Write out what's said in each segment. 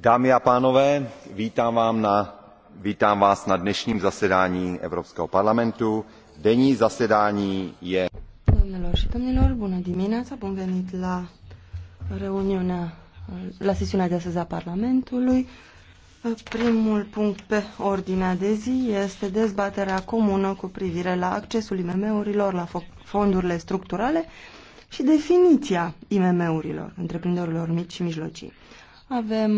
dámy a pánové vítám vás na dnešním zasedání evropského parlamentu. denní zasedání je. bună dimineața bun venit la reuniunea Primul punct pe ordinea de zi este dezbaterea comună cu privire la accesul IMM-urilor la fondurile structurale și definiția IMM-urilor, întreprinderilor mici și mijlocii. Avem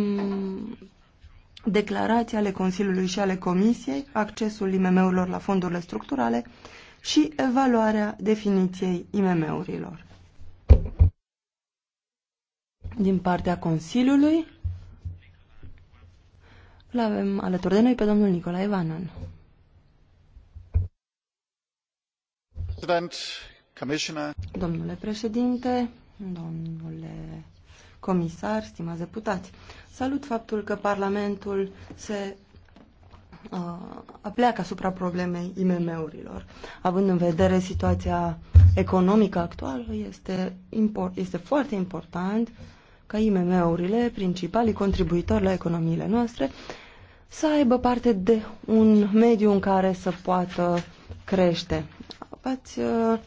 declarații ale Consiliului și ale Comisiei, accesul IMM-urilor la fondurile structurale și evaluarea definiției IMM-urilor. Din partea Consiliului, îl avem alături de noi pe domnul Nicolae Vanan. Domnule președinte, domnule comisar, stimați deputați. Salut faptul că Parlamentul se uh, apleacă asupra problemei IMM-urilor. Având în vedere situația economică actuală, este, import, este foarte important ca IMM-urile, principalii contribuitori la economiile noastre, să aibă parte de un mediu în care să poată crește. Ați uh,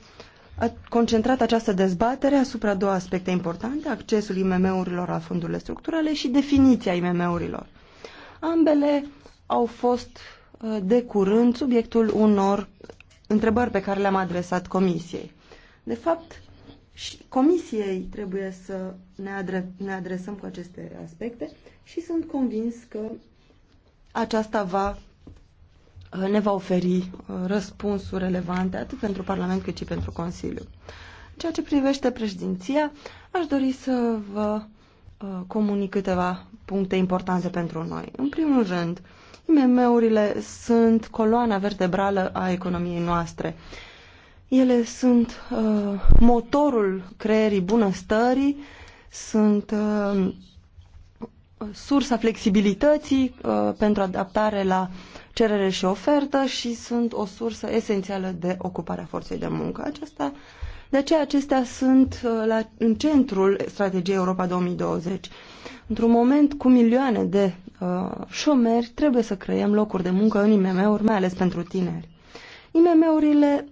a concentrat această dezbatere asupra două aspecte importante, accesul IMM-urilor la fondurile structurale și definiția IMM-urilor. Ambele au fost uh, de curând subiectul unor întrebări pe care le-am adresat comisiei. De fapt, și comisiei trebuie să ne, adre- ne adresăm cu aceste aspecte și sunt convins că aceasta va Uh, ne va oferi uh, răspunsuri relevante atât pentru Parlament cât și pentru Consiliu. În ceea ce privește președinția, aș dori să vă uh, comunic câteva puncte importante pentru noi. În primul rând, IMM-urile sunt coloana vertebrală a economiei noastre. Ele sunt uh, motorul creierii bunăstării, sunt uh, sursa flexibilității uh, pentru adaptare la uh, cerere și ofertă și sunt o sursă esențială de ocupare a forței de muncă. Aceasta, de aceea acestea sunt uh, la, în centrul strategiei Europa 2020. Într-un moment cu milioane de uh, șomeri, trebuie să creăm locuri de muncă în IMM-uri, mai ales pentru tineri. IMM-urile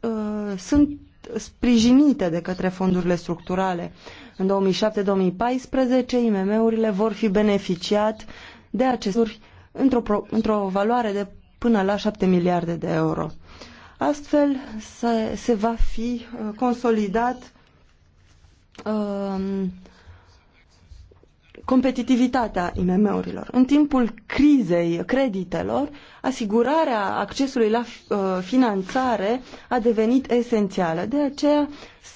uh, sunt sprijinite de către fondurile structurale. În 2007-2014, IMM-urile vor fi beneficiat de aceste într-o, într, într -o valoare de până la 7 miliarde de euro. Astfel se, se va fi uh, consolidat uh, competitivitatea IMM-urilor. În timpul crizei creditelor, asigurarea accesului la uh, finanțare a devenit esențială. De aceea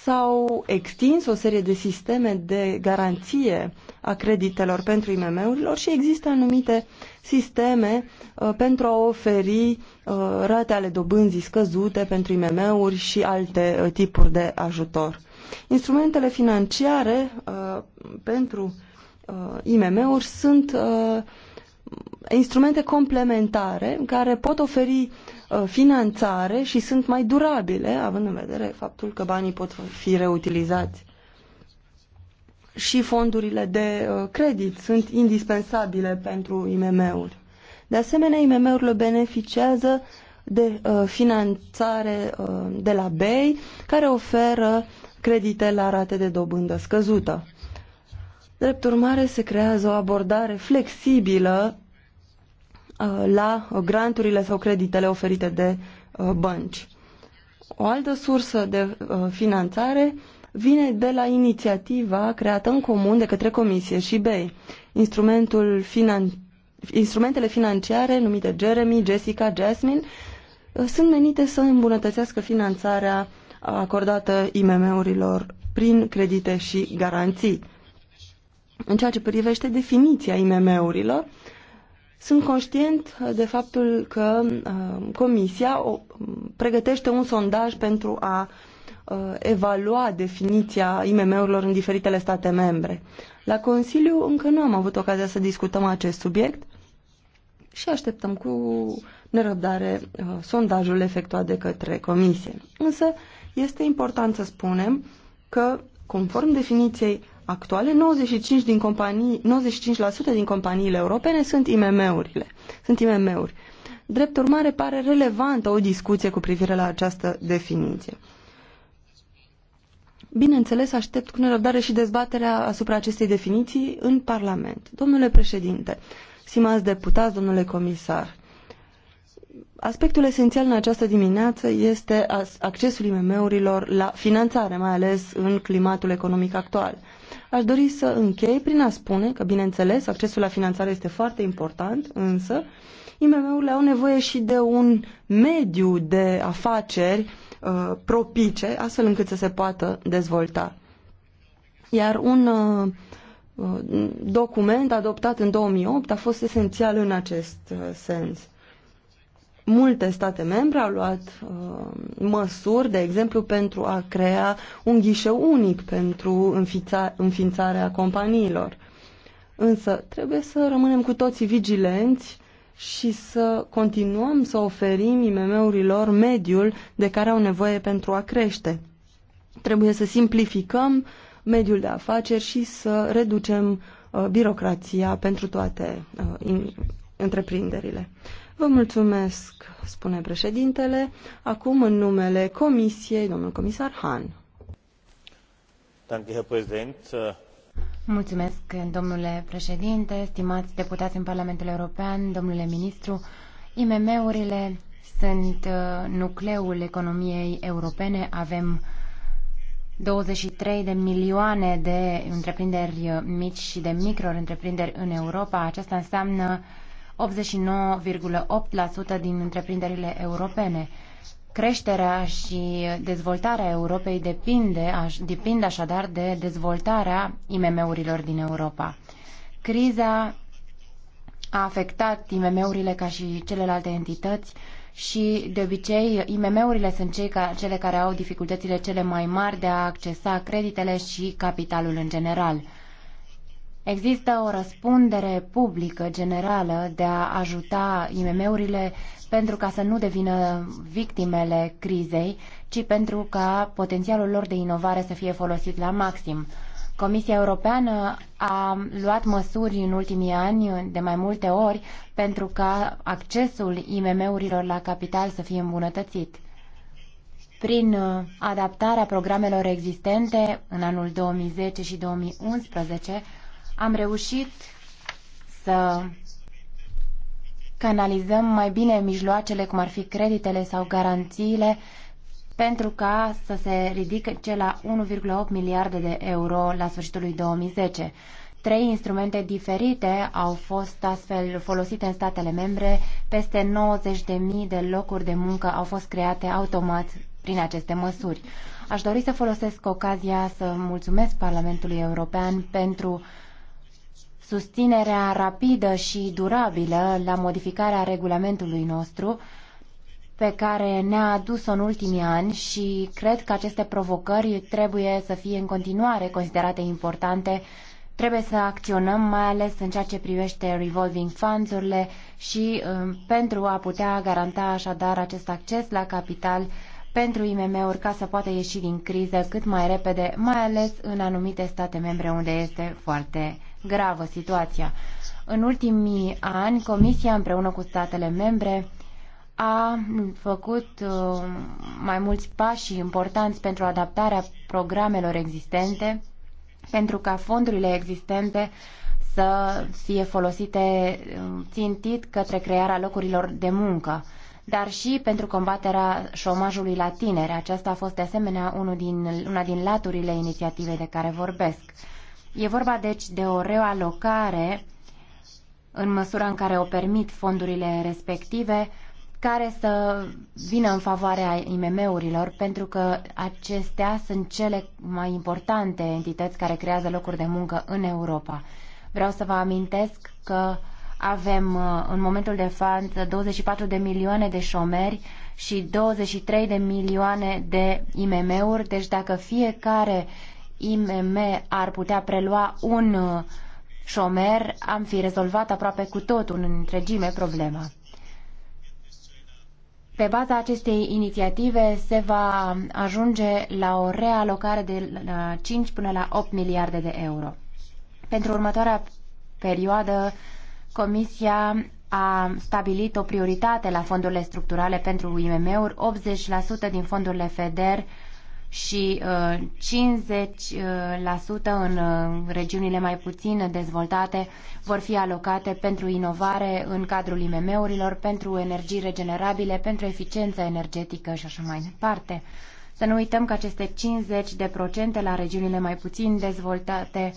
s-au extins o serie de sisteme de garanție a creditelor pentru IMM-urilor și există anumite sisteme uh, pentru a oferi uh, rate ale dobânzii scăzute pentru IMM-uri și alte tipuri de ajutor. Instrumentele financiare pentru uh, uh, IMM-uri sunt uh, instrumente complementare care pot oferi uh, finanțare și sunt mai durabile, având în vedere faptul că banii pot fi reutilizați. Și fondurile de uh, credit sunt indispensabile pentru IMM-uri. De asemenea, IMM-urile beneficiază de uh, finanțare uh, de la BEI, care oferă credite la rate de dobândă scăzută. Drept urmare, se creează o abordare flexibilă uh, la granturile sau creditele oferite de uh, bănci. O altă sursă de uh, finanțare vine de la inițiativa creată în comun de către Comisie și BEI, instrumentul finan... instrumentele financiare numite Jeremy, Jessica, Jasmine, sunt menite să îmbunătățească finanțarea acordată IMM-urilor prin credite și garanții. În ceea ce privește definiția IMM-urilor, sunt conștient uh, de faptul că uh, Comisia pregătește un sondaj pentru a uh, evalua definiția IMM-urilor în diferitele state membre. La Consiliu încă nu am avut ocazia să discutăm acest subiect și așteptăm cu nerăbdare sondajul efectuat de către Comisie. Însă este important să spunem că, conform definiției actuale, 95 din companii, 95% din companiile europene sunt IMM-urile. Sunt IMM-uri. Drept urmare, pare relevantă o discuție cu privire la această definiție. Bineînțeles, aștept cu nerăbdare și dezbaterea asupra acestei definiții în Parlament. Domnule președinte, simați deputați, domnule comisar, aspectul esențial în această dimineață este accesul IMM-urilor la finanțare, mai ales în climatul economic actual. Aș dori să închei prin a spune că, bineînțeles, accesul la finanțare este foarte important, însă IMM-urile au nevoie și de un mediu de afaceri uh, propice, astfel încât să se poată dezvolta. Iar un uh, uh document adoptat în 2008 a fost esențial în acest uh, sens. Multe state membre au luat uh, măsuri, de exemplu, pentru a crea un ghișeu unic pentru înfița, înființarea companiilor. Însă trebuie să rămânem cu toții vigilenți și să continuăm să oferim IMM-urilor mediul de care au nevoie pentru a crește. Trebuie să simplificăm mediul de afaceri și să reducem uh, birocrația pentru toate uh, întreprinderile. Vă mulțumesc, spune președintele. Acum, în numele Comisiei, domnul comisar Han. Mulțumesc, domnule președinte, stimați deputați în Parlamentul European, domnule ministru. IMM-urile sunt uh, nucleul economiei europene. Avem 23 de milioane de întreprinderi uh, mici și de micro-întreprinderi în Europa. Aceasta înseamnă 89,8% din întreprinderile europene. Creșterea și dezvoltarea Europei depinde, depinde așadar de dezvoltarea IMM-urilor din Europa. Criza a afectat IMM-urile ca și celelalte entități și de obicei IMM-urile sunt cei ca, cele care au dificultățile cele mai mari de a accesa creditele și capitalul în general. Există o răspundere publică generală de a ajuta IMM-urile pentru ca să nu devină victimele crizei, ci pentru ca potențialul lor de inovare să fie folosit la maxim. Comisia Europeană a luat măsuri în ultimii ani de mai multe ori pentru ca accesul IMM-urilor la capital să fie îmbunătățit. Prin uh, adaptarea programelor existente în anul 2010 și 2011, am reușit să canalizăm mai bine mijloacele, cum ar fi creditele sau garanțiile, pentru ca să se ridice la 1,8 miliarde de euro la sfârșitul lui 2010. Trei instrumente diferite au fost astfel folosite în statele membre. Peste 90.000 de locuri de muncă au fost create automat prin aceste măsuri. Aș dori să folosesc ocazia să mulțumesc Parlamentului European pentru uh, susținerea rapidă și durabilă la modificarea regulamentului nostru pe care ne-a adus în ultimii ani și cred că aceste provocări trebuie să fie în continuare considerate importante. Trebuie să acționăm mai ales în ceea ce privește revolving funds-urile și um, pentru a putea garanta așadar acest acces la capital pentru IMM-uri ca să poată ieși din criză cât mai repede, mai ales în anumite state membre unde este foarte gravă situația. În ultimii ani, Comisia împreună cu statele membre a făcut uh, mai mulți pași importanți pentru adaptarea programelor existente, pentru ca fondurile existente să fie folosite uh, țintit către crearea locurilor de muncă, dar și pentru combaterea șomajului la tineri. Aceasta a fost de asemenea unul din, una din laturile inițiativei de care vorbesc. E vorba deci de o realocare în măsura în care o permit fondurile respective care să vină în favoarea IMM-urilor, pentru că acestea sunt cele mai importante entități care creează locuri de muncă în Europa. Vreau să vă amintesc că avem uh, în momentul de față 24 de milioane de șomeri și 23 de milioane de IMM-uri, deci dacă fiecare uh, IMM ar putea prelua un uh, șomer, am fi rezolvat aproape cu totul în întregime problema. Pe baza acestei inițiative se va ajunge la o realocare de la 5 până la 8 miliarde de euro. Pentru următoarea perioadă, Comisia a stabilit o prioritate la fondurile structurale pentru IMM-uri, 80% din fondurile FEDER și 50% uh, uh, în uh, regiunile mai puțin dezvoltate vor fi alocate pentru inovare în cadrul IMM-urilor, pentru energii regenerabile, pentru eficiență energetică și așa mai departe. Să nu uităm că aceste 50% la regiunile mai puțin dezvoltate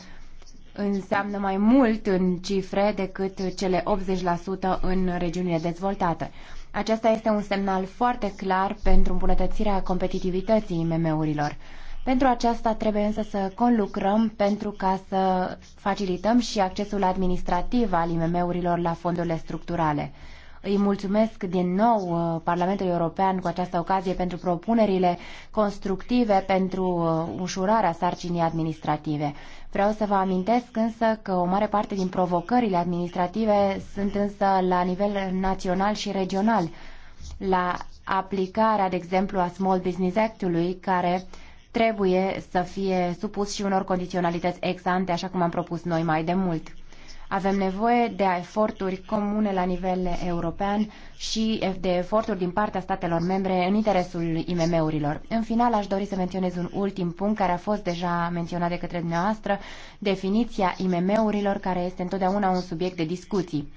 înseamnă mai mult în cifre decât cele 80% în regiunile dezvoltate. Acesta este un semnal foarte clar pentru îmbunătățirea competitivității IMM-urilor. Pentru aceasta trebuie însă să conlucrăm pentru ca să facilităm și accesul administrativ al IMM-urilor la fondurile structurale. Îi mulțumesc din nou uh, Parlamentului European cu această ocazie pentru propunerile constructive pentru uh, ușurarea sarcinii administrative. Vreau să vă amintesc însă că o mare parte din provocările administrative sunt însă la nivel național și regional, la aplicarea, de exemplu, a Small Business Act-ului, care trebuie să fie supus și unor condiționalități ex ante, așa cum am propus noi mai de mult. Avem nevoie de eforturi comune la nivel european și de eforturi din partea statelor membre în interesul IMM-urilor. În final, aș dori să menționez un ultim punct care a fost deja menționat de către dumneavoastră, definiția IMM-urilor, care este întotdeauna un subiect de discuții.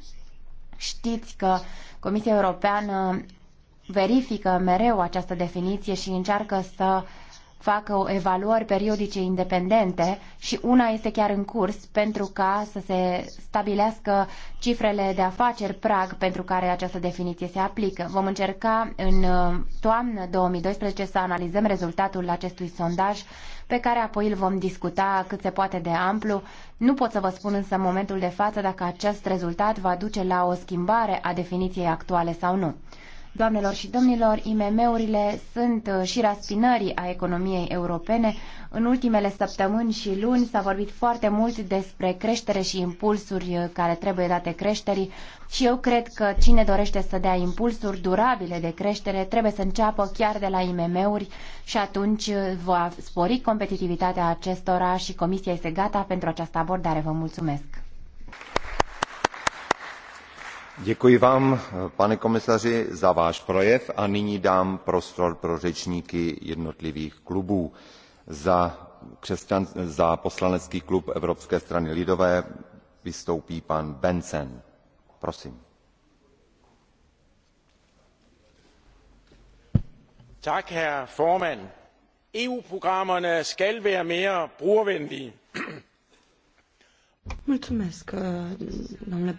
Știți că Comisia Europeană verifică mereu această definiție și încearcă să uh, facă o evaluări periodice independente și una este chiar în curs pentru ca să se stabilească cifrele de afaceri prag pentru care această definiție se aplică. Vom încerca în uh, toamnă 2012 să analizăm rezultatul acestui sondaj pe care apoi îl vom discuta cât se poate de amplu. Nu pot să vă spun însă în momentul de față dacă acest rezultat va duce la o schimbare a definiției actuale sau nu. Doamnelor și domnilor, IMM-urile sunt uh, și raspinării a economiei europene. În ultimele săptămâni și luni s-a vorbit foarte mult despre creștere și impulsuri uh, care trebuie date creșterii și eu cred că cine dorește să dea impulsuri durabile de creștere trebuie să înceapă chiar de la IMM-uri și atunci uh, va spori competitivitatea acestora și Comisia este gata pentru această abordare. Vă mulțumesc! Děkuji vám, pane komisaři, za váš projev a nyní dám prostor pro řečníky jednotlivých klubů. Za, poslanecký klub Evropské strany lidové vystoupí pan bendtsen. Prosím. herr formand. EU programmerne skal være mere brugervenlige. Mulțumesc, domnule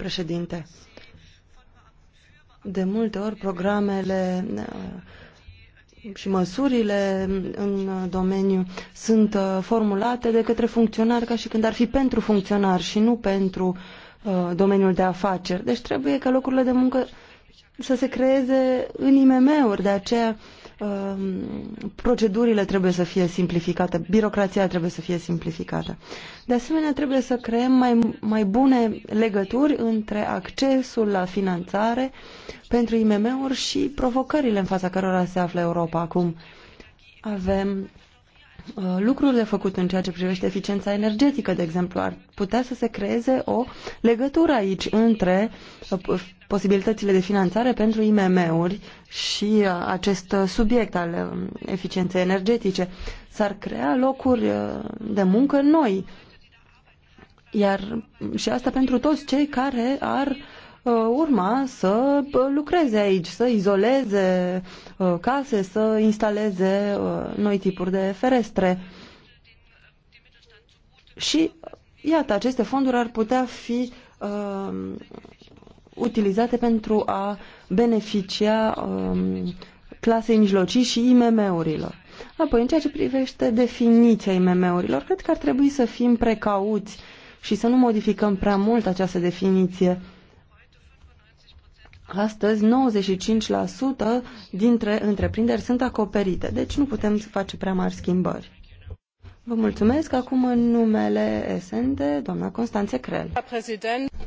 de multe ori programele uh, și măsurile în domeniu sunt uh, formulate de către funcționari ca și când ar fi pentru funcționari și nu pentru uh, domeniul de afaceri. Deci trebuie ca locurile de muncă să se creeze în IMM-uri, de aceea Um, procedurile trebuie să fie simplificate, birocrația trebuie să fie simplificată. De asemenea, trebuie să creăm mai, mai bune legături între accesul la finanțare pentru IMM-uri și provocările în fața cărora se află Europa acum. Avem Uh, lucruri de făcut în ceea ce privește eficiența energetică, de exemplu. Ar putea să se creeze o legătură aici între uh, posibilitățile de finanțare pentru IMM-uri și uh, acest subiect al um, eficienței energetice. S-ar crea locuri de muncă noi, iar și asta pentru toți cei care ar uh, Uh, urma să uh, lucreze aici, să izoleze uh, case, să instaleze noi tipuri de ferestre. Și, iată, aceste fonduri ar putea fi uh, utilizate pentru a beneficia uh, clasei mijlocii și IMM-urilor. Apoi, în ceea ce privește definiția IMM-urilor, cred că ar trebui să fim precauți și să nu modificăm prea mult această definiție Astăzi, 95% dintre întreprinderi sunt acoperite, deci nu putem să face prea mari schimbări. Vă mulțumesc. Acum, în numele SND, doamna Constanțe Crel.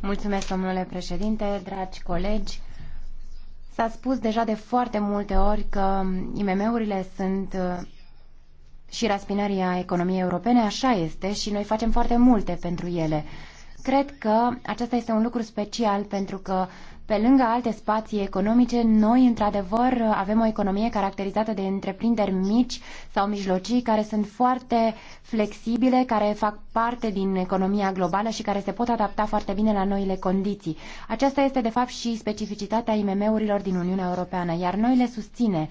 Mulțumesc, domnule președinte, dragi colegi. S-a spus deja de foarte multe ori că IMM-urile sunt uh, și raspinarea economiei europene, așa este, și noi facem foarte multe pentru ele. Cred că acesta este un lucru special pentru că uh, pe lângă alte spații economice, noi, într-adevăr, avem o economie caracterizată de întreprinderi mici sau mijlocii care sunt foarte flexibile, care fac parte din economia globală și care se pot adapta foarte bine la noile condiții. Aceasta este, de fapt, și specificitatea IMM-urilor din Uniunea Europeană, iar noi le susține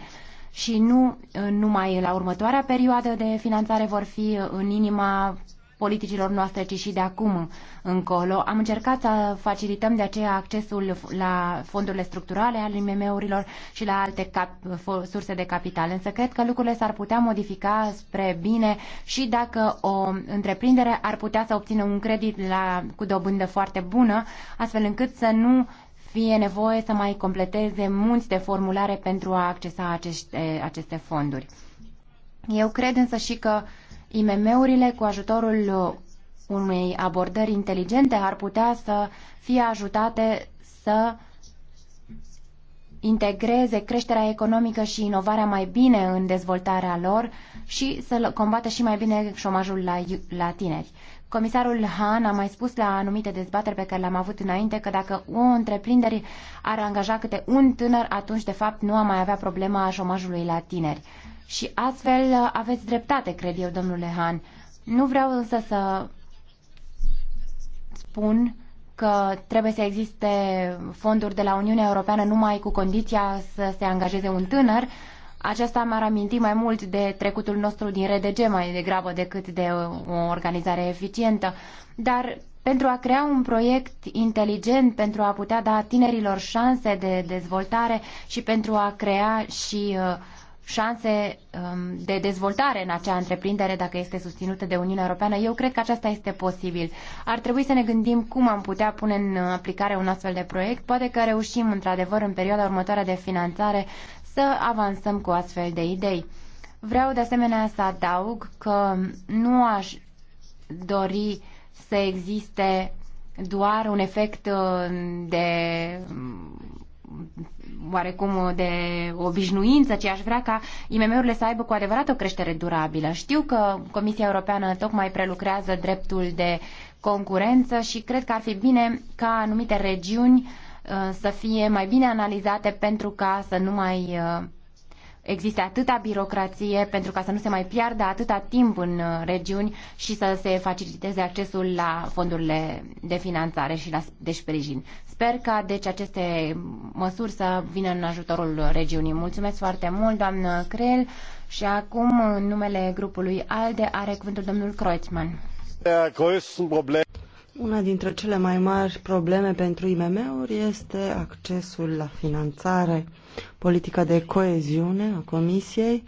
și nu numai la următoarea perioadă de finanțare vor fi în inima politicilor noastre, ci și de acum încolo. Am încercat să facilităm de aceea accesul la fondurile structurale ale IMM-urilor și la alte cap, surse de capital. Însă cred că lucrurile s-ar putea modifica spre bine și dacă o întreprindere ar putea să obțină un credit la, cu dobândă foarte bună, astfel încât să nu fie nevoie să mai completeze munți de formulare pentru a accesa aceste, aceste fonduri. Eu cred însă și că uh, IMM-urile cu ajutorul uh, unei abordări inteligente ar putea să fie ajutate să integreze creșterea economică și inovarea mai bine în dezvoltarea lor și să combată și mai bine șomajul la, la tineri. Comisarul Han a mai spus la anumite dezbateri pe care le-am avut înainte că dacă o întreprindere ar angaja câte un tânăr, atunci de fapt nu am mai avea problema șomajului la tineri. Și astfel uh, aveți dreptate, cred eu, domnule Han. Nu vreau însă să spun că trebuie să existe fonduri de la Uniunea Europeană numai cu condiția să se angajeze un tânăr. Aceasta m-ar aminti mai mult de trecutul nostru din RDG mai degrabă decât de o organizare eficientă. Dar pentru a crea un proiect inteligent, pentru a putea da tinerilor șanse de dezvoltare și pentru a crea și uh, șanse um, de dezvoltare în acea întreprindere dacă este susținută de Uniunea Europeană. Eu cred că aceasta este posibil. Ar trebui să ne gândim cum am putea pune în aplicare un astfel de proiect. Poate că reușim, într-adevăr, în perioada următoare de finanțare să avansăm cu astfel de idei. Vreau, de asemenea, să adaug că nu aș dori să existe doar un efect uh, de oarecum de obișnuință, ci aș vrea ca IMM-urile să aibă cu adevărat o creștere durabilă. Știu că Comisia Europeană tocmai prelucrează dreptul de concurență și cred că ar fi bine ca anumite regiuni uh, să fie mai bine analizate pentru ca să nu mai uh, existe atâta birocrație pentru ca să nu se mai piardă atâta timp în uh, regiuni și să se faciliteze accesul la fondurile de finanțare și la, de sprijin. Sper ca deci aceste măsuri să vină în ajutorul regiunii. Mulțumesc foarte mult, doamnă Crel. Și acum, în numele grupului ALDE, are cuvântul domnul Kreutzmann. Una dintre cele mai mari probleme pentru IMM-uri este accesul la finanțare Politica de coeziune a Comisiei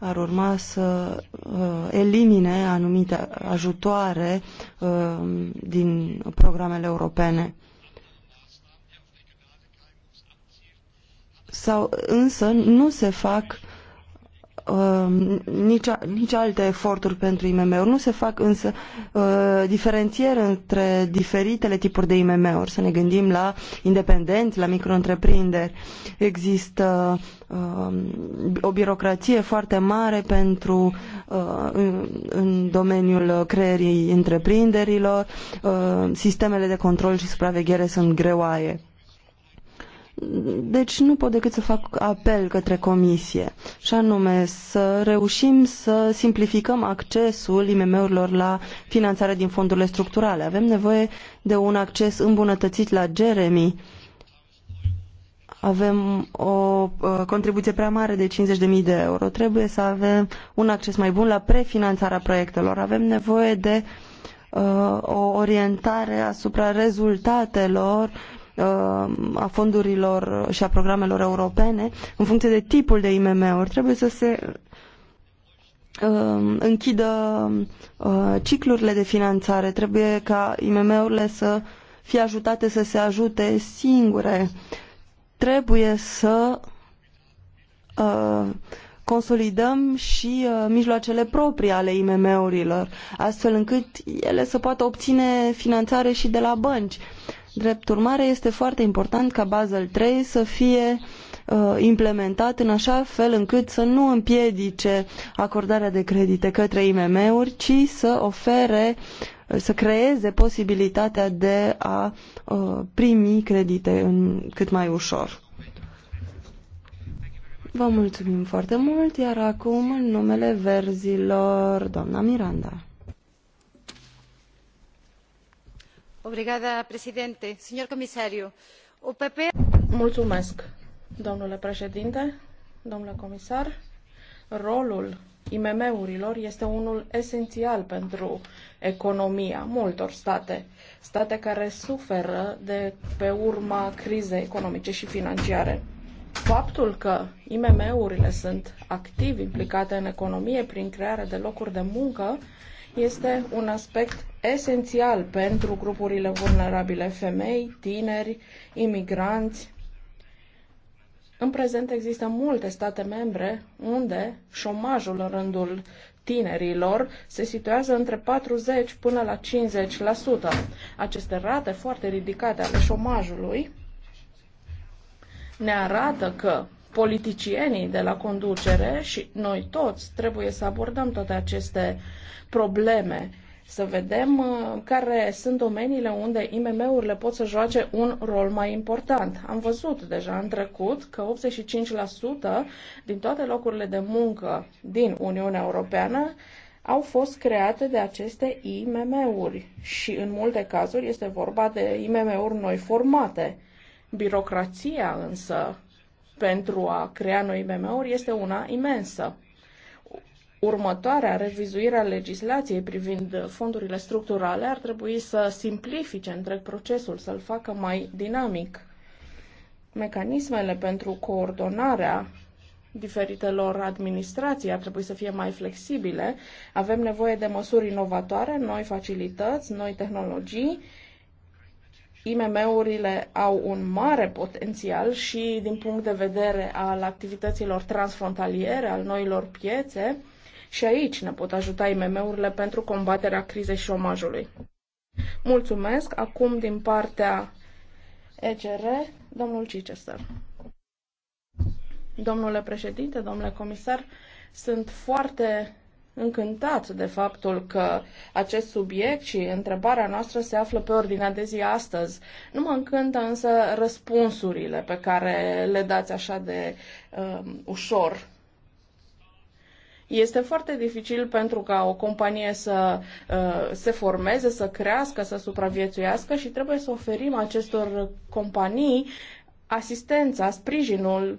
ar urma să uh, elimine anumite ajutoare uh, din programele europene. Sau, însă nu se fac Um, nici, nici alte eforturi pentru IMM-uri. Nu se fac însă uh, diferențiere între diferitele tipuri de IMM-uri. Să ne gândim la independenți, la micro-întreprinderi. Există uh, o birocrație foarte mare pentru uh, în, în domeniul creierii întreprinderilor. Uh, sistemele de control și supraveghere sunt greoaie deci nu pot decât să fac apel către comisie, și anume să reușim să simplificăm accesul IMM-urilor la finanțarea din fondurile structurale. Avem nevoie de un acces îmbunătățit la Jeremy. Avem o uh, contribuție prea mare de 50.000 de euro. Trebuie să avem un acces mai bun la prefinanțarea proiectelor. Avem nevoie de uh, o orientare asupra rezultatelor Uh, a fondurilor și a programelor europene, în funcție de tipul de IMM-uri, trebuie să se uh, închidă uh, ciclurile de finanțare, trebuie ca IMM-urile să fie ajutate să se ajute singure, trebuie să consolidăm și mijloacele proprii ale IMM-urilor, astfel încât ele să poată obține finanțare și de la bănci. Drept urmare, este foarte important ca Basel III să fie uh, implementat în așa fel încât să nu împiedice acordarea de credite către IMM-uri, ci să ofere, uh, să creeze posibilitatea de a uh, primi credite în cât mai ușor. Vă mulțumim foarte mult, iar acum, în numele verzilor, doamna Miranda. Obrigada, președinte. domnule președinte, domnule comisar. Rolul IMM-urilor este unul esențial pentru economia multor state, state care suferă de pe urma crizei economice și financiare. Faptul că IMM-urile sunt activ implicate în economie prin crearea de locuri de muncă este un aspect esențial pentru grupurile vulnerabile femei, tineri, imigranți. În prezent există multe state membre unde șomajul în rândul tinerilor se situează între 40 până la 50%. Aceste rate foarte ridicate ale șomajului ne arată că politicienii de la conducere și noi toți trebuie să abordăm toate aceste probleme, să vedem uh, care sunt domeniile unde IMM-urile pot să joace un rol mai important. Am văzut deja în trecut că 85% din toate locurile de muncă din Uniunea Europeană au fost create de aceste IMM-uri și în multe cazuri este vorba de IMM-uri noi formate. Birocrația însă pentru a crea noi IMM-uri este una imensă. Următoarea revizuire a legislației privind fondurile structurale ar trebui să simplifice întreg procesul, să-l facă mai dinamic. Mecanismele pentru coordonarea diferitelor administrații ar trebui să fie mai flexibile. Avem nevoie de măsuri inovatoare, noi facilități, noi tehnologii. IMM-urile au un mare potențial și din punct de vedere al activităților transfrontaliere, al noilor piețe și aici ne pot ajuta IMM-urile pentru combaterea crizei șomajului. Mulțumesc. Acum din partea ECR, domnul Chichester. Domnule președinte, domnule comisar, sunt foarte încântat de faptul că acest subiect și întrebarea noastră se află pe ordinea de zi astăzi. Nu mă încântă însă răspunsurile pe care le dați așa de um, ușor este foarte dificil pentru ca o companie să uh, se formeze, să crească, să supraviețuiască și trebuie să oferim acestor companii asistența, sprijinul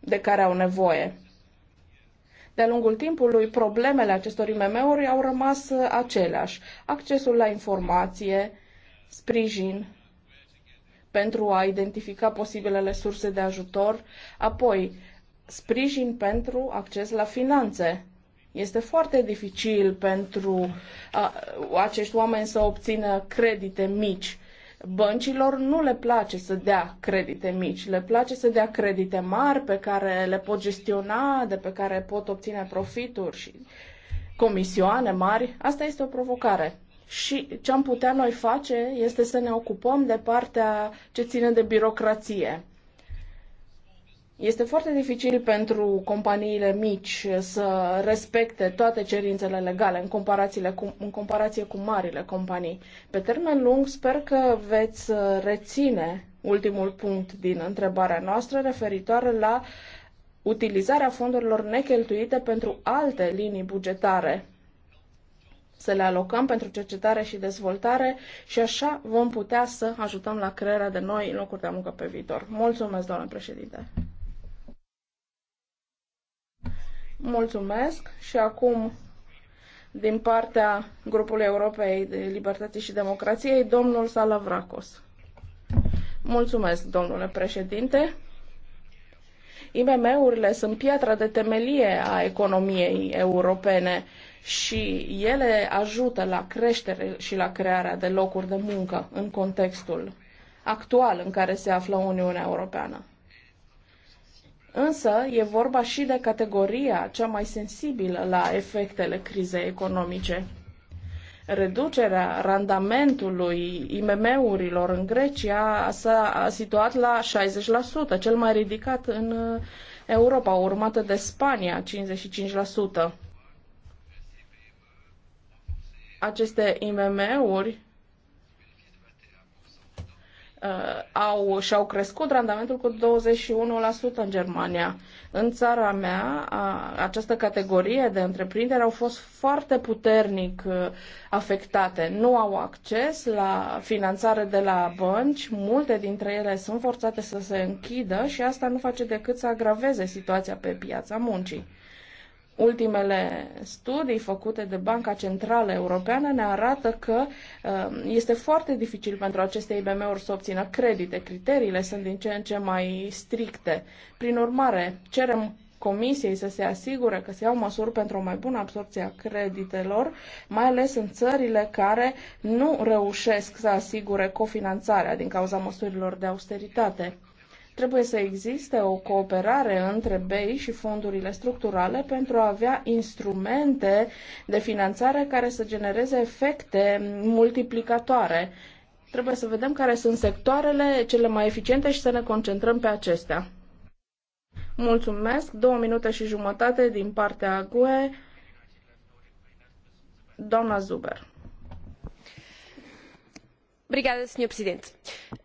de care au nevoie. De-a lungul timpului, problemele acestor IMM-uri au rămas aceleași. Accesul la informație, sprijin pentru a identifica posibilele surse de ajutor, apoi sprijin pentru acces la finanțe. Este foarte dificil pentru uh, acești oameni să obțină credite mici. Băncilor nu le place să dea credite mici, le place să dea credite mari pe care le pot gestiona, de pe care pot obține profituri și comisioane mari. Asta este o provocare. Și ce am putea noi face este să ne ocupăm de partea ce ține de birocrație este foarte dificil pentru companiile mici să respecte toate cerințele legale în, cu, în comparație cu marile companii. Pe termen lung, sper că veți reține ultimul punct din întrebarea noastră referitoare la utilizarea fondurilor necheltuite pentru alte linii bugetare să le alocăm pentru cercetare și dezvoltare și așa vom putea să ajutăm la crearea de noi locuri de muncă pe viitor. Mulțumesc, doamnă președinte! Mulțumesc și acum din partea grupului Europei de Libertate și Democrației, domnul Salavracos. Mulțumesc, domnule președinte. IMM-urile sunt piatra de temelie a economiei europene și ele ajută la creștere și la crearea de locuri de muncă în contextul actual în care se află Uniunea Europeană. Însă e vorba și de categoria cea mai sensibilă la efectele crizei economice. Reducerea randamentului IMM-urilor în Grecia s-a situat la 60%, cel mai ridicat în uh, Europa, urmată de Spania, 55%. Aceste IMM-uri Uh, au, și-au crescut randamentul cu 21% în Germania. În țara mea, a, această categorie de întreprinderi au fost foarte puternic uh, afectate. Nu au acces la finanțare de la bănci, multe dintre ele sunt forțate să se închidă și asta nu face decât să agraveze situația pe piața muncii. Ultimele studii făcute de Banca Centrală Europeană ne arată că um, este foarte dificil pentru aceste IBM-uri să obțină credite. Criteriile sunt din ce în ce mai stricte. Prin urmare, cerem Comisiei să se asigure că se iau măsuri pentru o mai bună absorpție a creditelor, mai ales în țările care nu reușesc să asigure cofinanțarea din cauza măsurilor de austeritate. Trebuie să existe o cooperare între BEI și fondurile structurale pentru a avea instrumente de finanțare care să genereze efecte multiplicatoare. Trebuie să vedem care sunt sectoarele cele mai eficiente și să ne concentrăm pe acestea. Mulțumesc. Două minute și jumătate din partea GUE. Doamna Zuber. Obrigada, Sr. Presidente.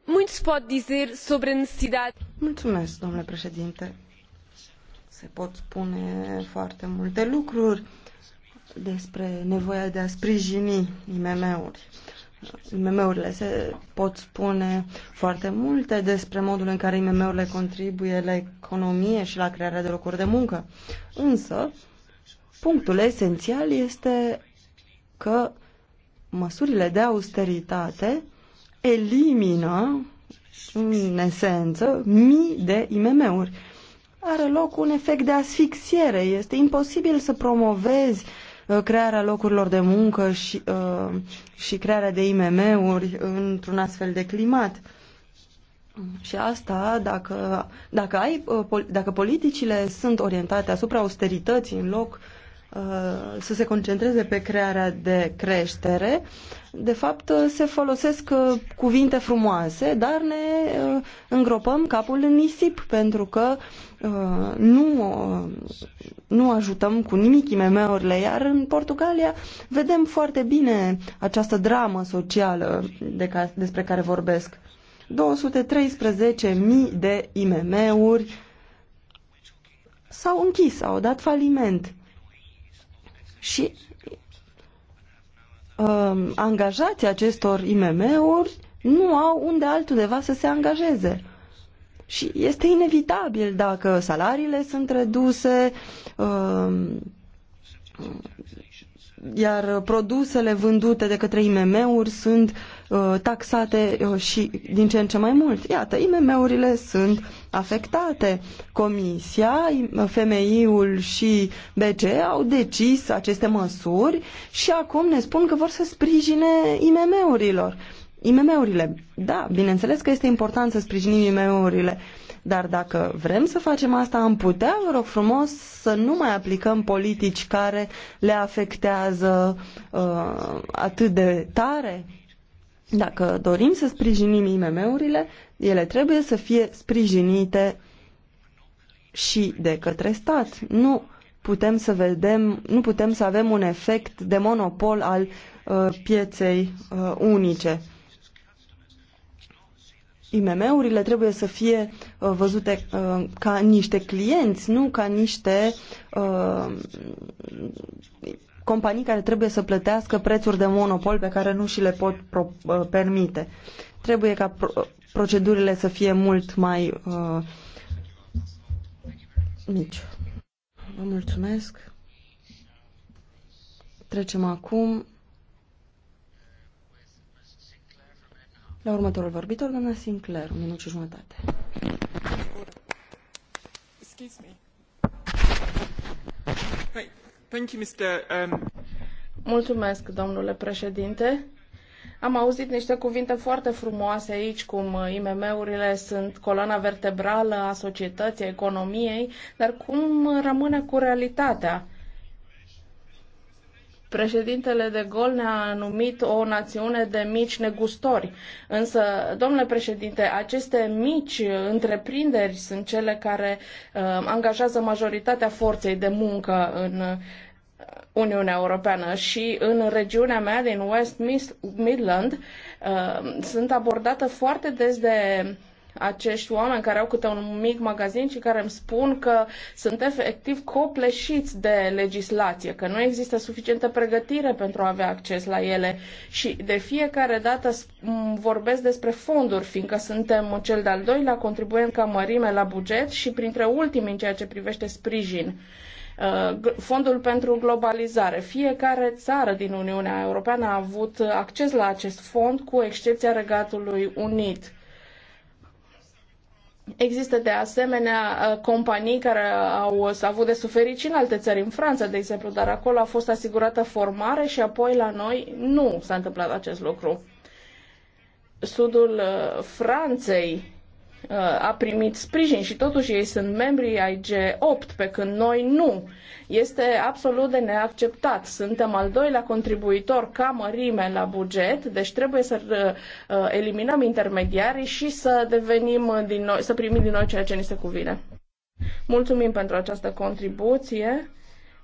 Muito se pode dizer sobre a necessidade. Mulțumesc, domnule președinte. Se pot spune foarte multe lucruri despre nevoia de a sprijini IMM-uri. IMM-urile se pot spune foarte multe despre modul în care IMM-urile contribuie la economie și la crearea de locuri de muncă. Însă, punctul esențial este că măsurile de austeritate elimină, în esență, mii de IMM-uri. Are loc un efect de asfixiere. Este imposibil să promovezi uh, crearea locurilor de muncă și, uh, și crearea de IMM-uri într-un astfel de climat. Și asta dacă, dacă, ai, uh, dacă politicile sunt orientate asupra austerității în loc uh, Uh, să se concentreze pe crearea de creștere, de fapt uh, se folosesc uh, cuvinte frumoase, dar ne îngropăm capul în nisip pentru că nu, nu ajutăm cu nimic IMM-urile, iar în Portugalia vedem foarte bine această dramă socială de ca, despre care vorbesc. 213.000 de IMM-uri s-au închis, au dat faliment și uh, angajații acestor IMM-uri nu au unde altundeva să se angajeze. Și este inevitabil dacă salariile sunt reduse, uh, iar produsele vândute de către IMM-uri sunt uh, taxate uh, și din ce în ce mai mult. Iată, IMM-urile sunt afectate. Comisia, FMI-ul și BCE au decis aceste măsuri și acum ne spun că vor să sprijine IMM-urilor. IMM-urile. Da, bineînțeles că este important să sprijinim IMM-urile, dar dacă vrem să facem asta, am putea, vă rog frumos, să nu mai aplicăm politici care le afectează uh, atât de tare. Dacă dorim să sprijinim IMM-urile, ele trebuie să fie sprijinite și de către stat. Nu putem să vedem, nu putem să avem un efect de monopol al uh, pieței uh, unice. IMM-urile trebuie să fie uh, văzute uh, ca niște clienți, nu ca niște uh, companii care trebuie să plătească prețuri de monopol pe care nu și le pot pro, uh, permite. Trebuie ca pro, procedurile să fie mult mai uh, mici. Vă mulțumesc. Trecem acum La următorul vorbitor, doamna Sinclair, un minut și jumătate. Excuse me. Thank you, Mr. Um... Mulțumesc, domnule președinte. Am auzit niște cuvinte foarte frumoase aici, cum uh, IMM-urile sunt coloana vertebrală a societății, economiei, dar cum rămâne cu realitatea? Președintele de Gol ne-a numit o națiune de mici negustori. Însă, domnule președinte, aceste mici întreprinderi sunt cele care uh, angajează majoritatea forței de muncă în uh, Uniunea Europeană și în regiunea mea din West Midland uh, sunt abordată foarte des de acești oameni care au câte un mic magazin și care îmi spun că sunt efectiv copleșiți de legislație, că nu există suficientă pregătire pentru a avea acces la ele și de fiecare dată vorbesc despre fonduri, fiindcă suntem cel de-al doilea contribuent ca mărime la buget și printre ultimii în ceea ce privește sprijin uh, fondul pentru globalizare. Fiecare țară din Uniunea Europeană a avut acces la acest fond, cu excepția Regatului Unit. Există de asemenea uh, companii care au avut de suferit și în alte țări, în Franța, de exemplu, dar acolo a fost asigurată formare și apoi la noi nu s-a întâmplat acest lucru. Sudul uh, Franței a primit sprijin și totuși ei sunt membri ai G8, pe când noi nu. Este absolut de neacceptat. Suntem al doilea contribuitor ca mărime la buget, deci trebuie să uh, uh, eliminăm intermediarii și să devenim din noi, să primim din noi ceea ce ni se cuvine. Mulțumim pentru această contribuție.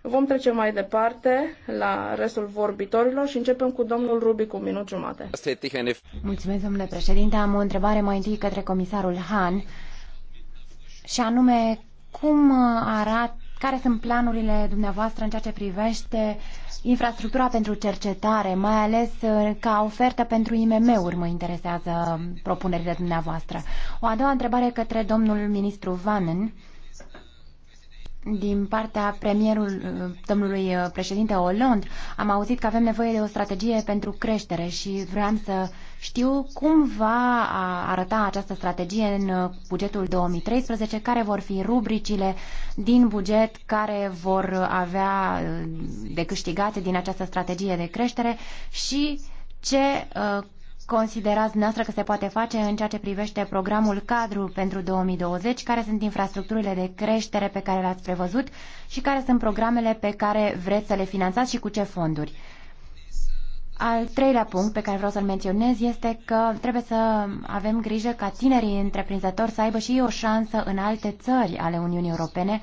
Vom trece mai departe la restul vorbitorilor și începem cu domnul Rubi cu minut jumate. Mulțumesc, domnule președinte. Am o întrebare mai întâi către comisarul Han și anume cum arată care sunt planurile dumneavoastră în ceea ce privește infrastructura pentru cercetare, mai ales uh, ca ofertă pentru IMM-uri, mă interesează propunerile dumneavoastră. O a doua întrebare către domnul ministru Vanen din partea premierul, uh, domnului uh, președinte Hollande, am auzit că avem nevoie de o strategie pentru creștere și vreau să știu cum va arăta această strategie în uh, bugetul 2013, care vor fi rubricile din buget care vor avea de câștigate din această strategie de creștere și ce considerați noastră că se poate face în ceea ce privește programul cadru pentru 2020, care sunt infrastructurile de creștere pe care le-ați prevăzut și care sunt programele pe care vreți să le finanțați și cu ce fonduri. Al treilea punct pe care vreau să-l menționez este că trebuie să avem grijă ca tinerii întreprinzători să aibă și ei o șansă în alte țări ale Uniunii Europene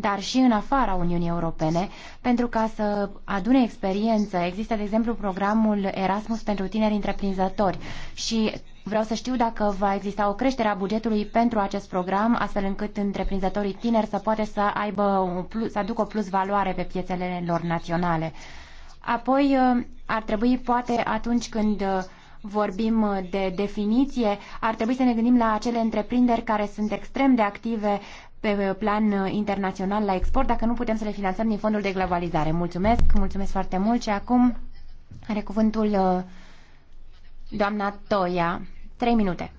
dar și în afara Uniunii Europene, pentru ca să adune experiență. Există, de exemplu, programul Erasmus pentru tineri întreprinzători și Vreau să știu dacă va exista o creștere a bugetului pentru acest program, astfel încât întreprinzătorii tineri să poate să, aibă un plus, să aducă o plus valoare pe piețele lor naționale. Apoi uh, ar trebui poate atunci când uh, vorbim uh, de definiție, ar trebui să ne gândim la acele întreprinderi care sunt extrem de active pe plan uh, internațional la export dacă nu putem să le finanțăm din fondul de globalizare. Mulțumesc, mulțumesc foarte mult și acum are cuvântul uh, doamna Toia. Trei minute.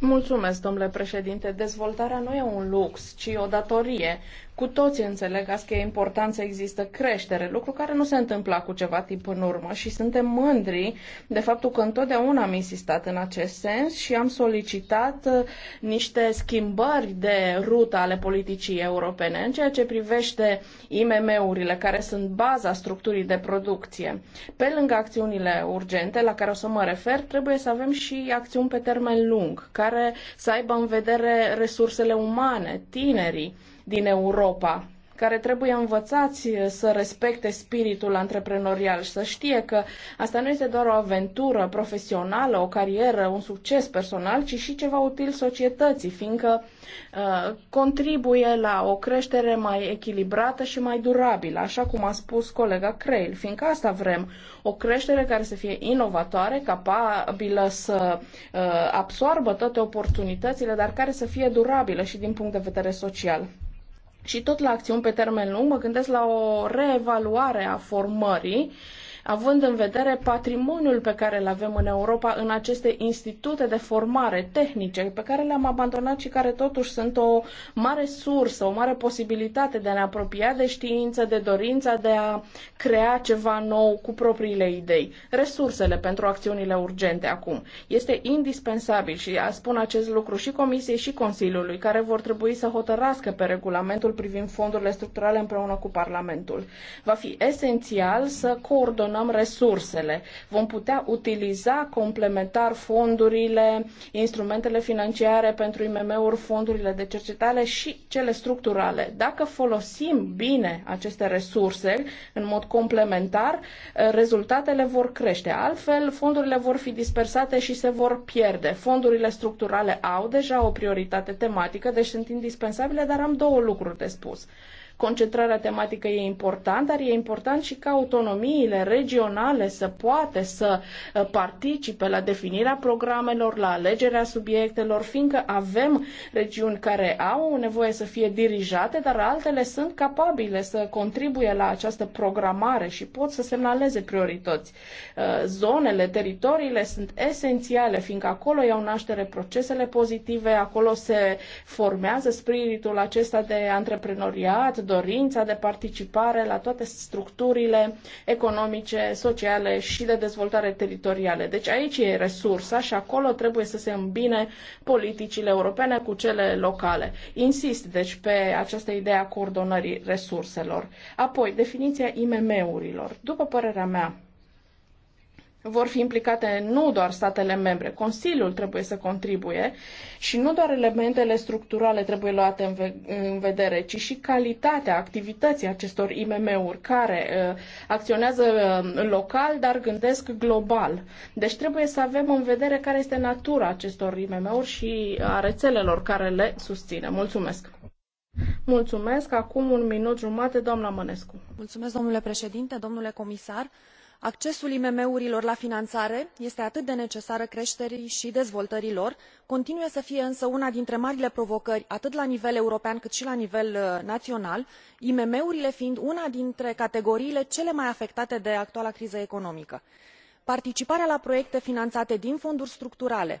Mulțumesc, domnule președinte. Dezvoltarea nu e un lux, ci o datorie. Cu toții înțeleg că e important să există creștere, lucru care nu se întâmpla cu ceva timp în urmă și suntem mândri de faptul că întotdeauna am insistat în acest sens și am solicitat uh, niște schimbări de rută ale politicii europene în ceea ce privește IMM-urile, care sunt baza structurii de producție. Pe lângă acțiunile urgente la care o să mă refer, trebuie să avem și acțiuni pe termen lung, care să aibă în vedere resursele umane, tinerii, din Europa care trebuie învățați să respecte spiritul antreprenorial și să știe că asta nu este doar o aventură profesională, o carieră, un succes personal, ci și ceva util societății, fiindcă uh, contribuie la o creștere mai echilibrată și mai durabilă, așa cum a spus colega Creil, fiindcă asta vrem, o creștere care să fie inovatoare, capabilă să uh, absoarbă toate oportunitățile, dar care să fie durabilă și din punct de vedere social. Și tot la acțiuni pe termen lung mă gândesc la o reevaluare a formării uh, având în vedere patrimoniul pe care îl avem în Europa în aceste institute de formare tehnice pe care le-am abandonat și care totuși sunt o mare sursă, o mare posibilitate de a ne apropia de știință, de dorința de a crea ceva nou cu propriile idei. Resursele pentru acțiunile urgente acum. Este indispensabil și spun acest lucru și Comisiei și Consiliului, care vor trebui să hotărască pe regulamentul privind fondurile structurale împreună cu Parlamentul. Va fi esențial să coordonăm gestionăm resursele. Vom putea utiliza complementar fondurile, instrumentele financiare pentru IMM-uri, fondurile de cercetare și cele structurale. Dacă folosim bine aceste resurse în mod complementar, rezultatele vor crește. Altfel, fondurile vor fi dispersate și se vor pierde. Fondurile structurale au deja o prioritate tematică, deci sunt indispensabile, dar am două lucruri de spus. Concentrarea tematică e important, dar e important și ca autonomiile regionale să poate să uh, participe la definirea programelor, la alegerea subiectelor, fiindcă avem regiuni care au nevoie să fie dirijate, dar altele sunt capabile să contribuie la această programare și pot să semnaleze priorități. Uh, zonele, teritoriile sunt esențiale, fiindcă acolo iau naștere procesele pozitive, acolo se formează spiritul acesta de antreprenoriat, dorința de participare la toate structurile economice, sociale și de dezvoltare teritoriale. Deci aici e resursa și acolo trebuie să se îmbine politicile europene cu cele locale. Insist, deci, pe această idee a coordonării resurselor. Apoi, definiția IMM-urilor. După părerea mea, vor fi implicate nu doar statele membre, Consiliul trebuie să contribuie și nu doar elementele structurale trebuie luate în, ve- în vedere, ci și calitatea activității acestor IMM-uri care uh, acționează uh, local, dar gândesc global. Deci trebuie să avem în vedere care este natura acestor IMM-uri și a rețelelor care le susține. Mulțumesc! Mulțumesc. Acum un minut jumate, doamna Mănescu. Mulțumesc, domnule președinte, domnule comisar accesul imm urilor la finanțare este atât de necesar creșterii și dezvoltării lor continuă să fie însă una dintre marile provocări atât la nivel european cât și la nivel uh, național imm urile fiind una dintre categoriile cele mai afectate de actuala criză economică. participarea la proiecte finanțate din fonduri structurale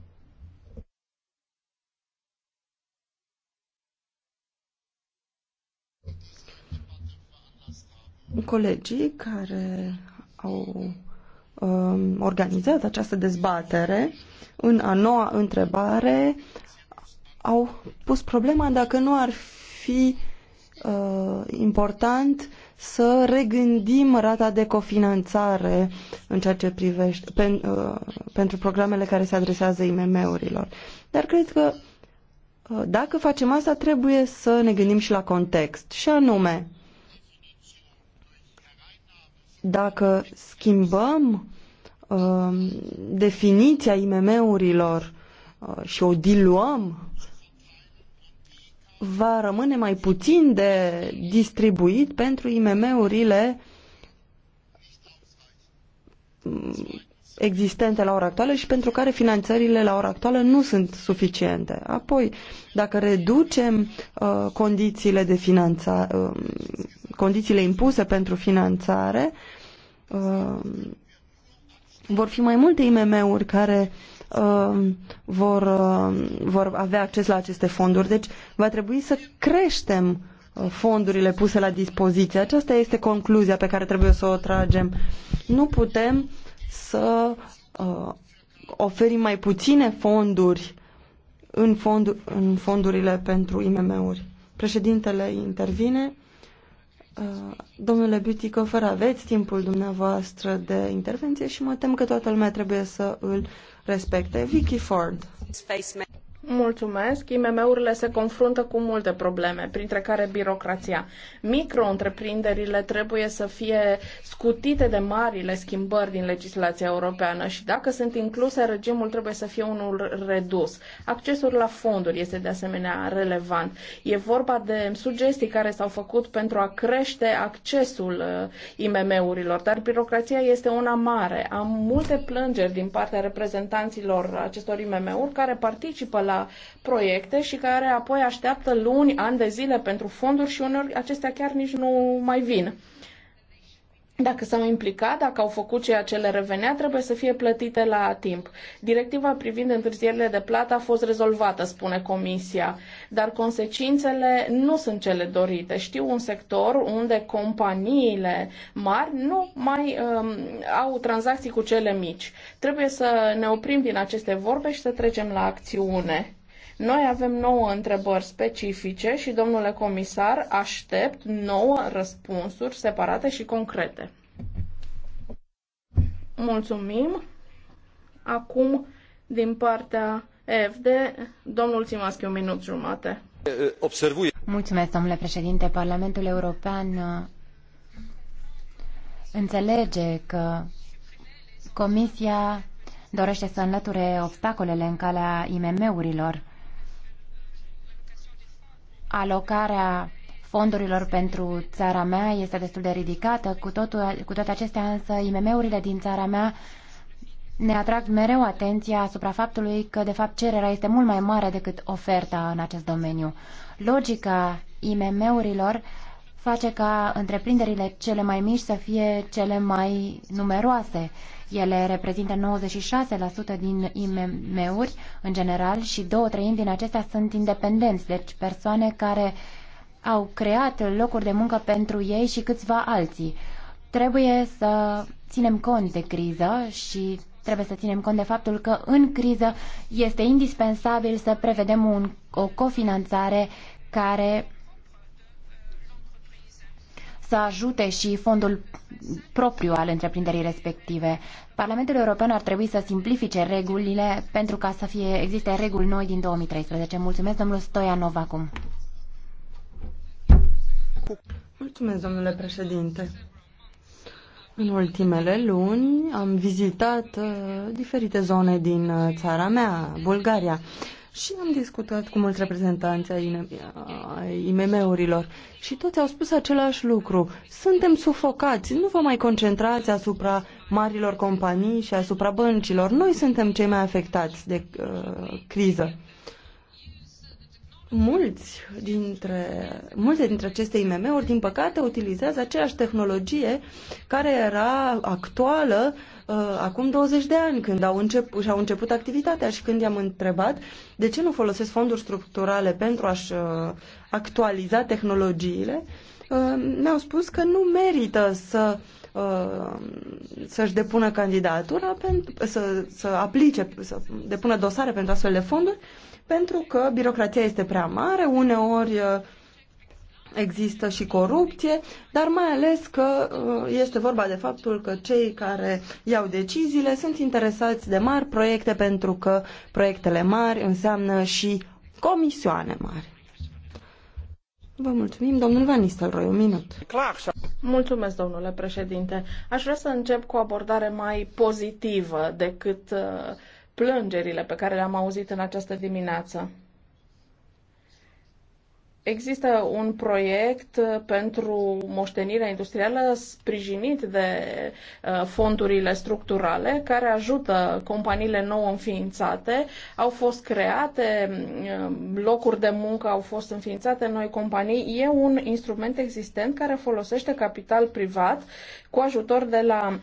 Colegii care au um, organizat această dezbatere în a noua întrebare au pus problema dacă nu ar fi uh, important să regândim rata de cofinanțare în ceea ce privește pen, uh, pentru programele care se adresează IMM-urilor. Dar cred că uh, dacă facem asta, trebuie să ne gândim și la context. Și anume, uh, dacă schimbăm uh, definiția IMM-urilor uh, și o diluăm, va rămâne mai puțin de distribuit pentru IMM-urile um, existente la ora actuală și pentru care finanțările la ora actuală nu sunt suficiente. Apoi, dacă reducem uh, condițiile de finanța, uh, condițiile impuse pentru finanțare, uh, vor fi mai multe IMM-uri care uh, vor, uh, vor avea acces la aceste fonduri. Deci va trebui să creștem uh, fondurile puse la dispoziție. Aceasta este concluzia pe care trebuie să o tragem. Nu putem să uh, oferim mai puține fonduri în, fond, în fondurile pentru IMM-uri. Președintele intervine. Uh, domnule fără aveți timpul dumneavoastră de intervenție și mă tem că toată lumea trebuie să îl respecte. Vicky Ford. Mulțumesc. IMM-urile se confruntă cu multe probleme, printre care birocrația. Micro-întreprinderile trebuie să fie scutite de marile schimbări din legislația europeană și dacă sunt incluse, regimul trebuie să fie unul redus. Accesul la fonduri este de asemenea relevant. E vorba de sugestii care s-au făcut pentru a crește accesul uh, IMM-urilor, dar birocrația este una mare. Am multe plângeri din partea reprezentanților acestor IMM-uri care participă la la proiecte și care apoi așteaptă luni, ani de zile pentru fonduri și uneori acestea chiar nici nu mai vin dacă s-au implicat, dacă au făcut ceea ce le revenea, trebuie să fie plătite la timp. Directiva privind întârzierile de plată a fost rezolvată, spune Comisia, dar consecințele nu sunt cele dorite. Știu un sector unde companiile mari nu mai um, au tranzacții cu cele mici. Trebuie să ne oprim din aceste vorbe și să trecem la acțiune. Noi avem nouă întrebări specifice și, domnule comisar, aștept nouă răspunsuri separate și concrete. Mulțumim. Acum, din partea EFD, domnul Țimaschi, un minut jumate. Observui. Mulțumesc, domnule președinte. Parlamentul European uh, înțelege că Comisia dorește să înlăture obstacolele în calea IMM-urilor alocarea fondurilor pentru țara mea este destul de ridicată. Cu, totul, cu toate acestea însă, IMM-urile din țara mea ne atrag mereu atenția asupra faptului că, de fapt, cererea este mult mai mare decât oferta în acest domeniu. Logica IMM-urilor face ca întreprinderile cele mai mici să fie cele mai numeroase ele reprezintă 96% din IMM-uri în general și două treimi din acestea sunt independenți, deci persoane care au creat locuri de muncă pentru ei și câțiva alții. Trebuie să ținem cont de criză și trebuie să ținem cont de faptul că în criză este indispensabil să prevedem un, o cofinanțare care să ajute și fondul propriu al întreprinderii respective. Parlamentul European ar trebui să simplifice regulile pentru ca să fie, existe reguli noi din 2013. Mulțumesc, domnul Stoianov, acum. Mulțumesc, domnule președinte. În ultimele luni am vizitat uh, diferite zone din uh, țara mea, Bulgaria și am discutat cu mulți reprezentanți ai IMM-urilor și toți au spus același lucru. Suntem sufocați, nu vă mai concentrați asupra marilor companii și asupra băncilor. Noi suntem cei mai afectați de uh, criză mulți dintre, multe dintre aceste IMM-uri, din păcate, utilizează aceeași tehnologie care era actuală uh, acum 20 de ani, când au început, și-au început activitatea și când i-am întrebat de ce nu folosesc fonduri structurale pentru a-și uh, actualiza tehnologiile, uh, ne-au spus că nu merită să uh, Uh, să-și depună candidatura, să, să aplice, să depună dosare pentru astfel de fonduri, pentru că birocrația este prea mare, uneori uh, există și corupție, dar mai ales că uh, este vorba de faptul că cei care iau deciziile sunt interesați de mari proiecte pentru că proiectele mari înseamnă și comisioane mari. Vă mulțumim, domnul Van Nistelrooy, un minut. Mulțumesc, domnule președinte. Aș vrea să încep cu o abordare mai pozitivă decât uh, plângerile pe care le-am auzit în această dimineață. Există un proiect uh, pentru moștenirea industrială sprijinit de uh, fondurile structurale care ajută companiile nou înființate. Au fost create uh, locuri de muncă, au fost înființate noi companii. E un instrument existent care folosește capital privat cu ajutor de la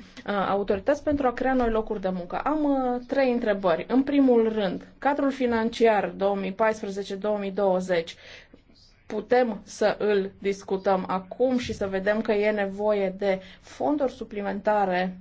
autorități pentru a crea noi locuri de muncă. Am trei întrebări. În primul rând, cadrul financiar 2014-2020 putem să îl discutăm acum și să vedem că e nevoie de fonduri suplimentare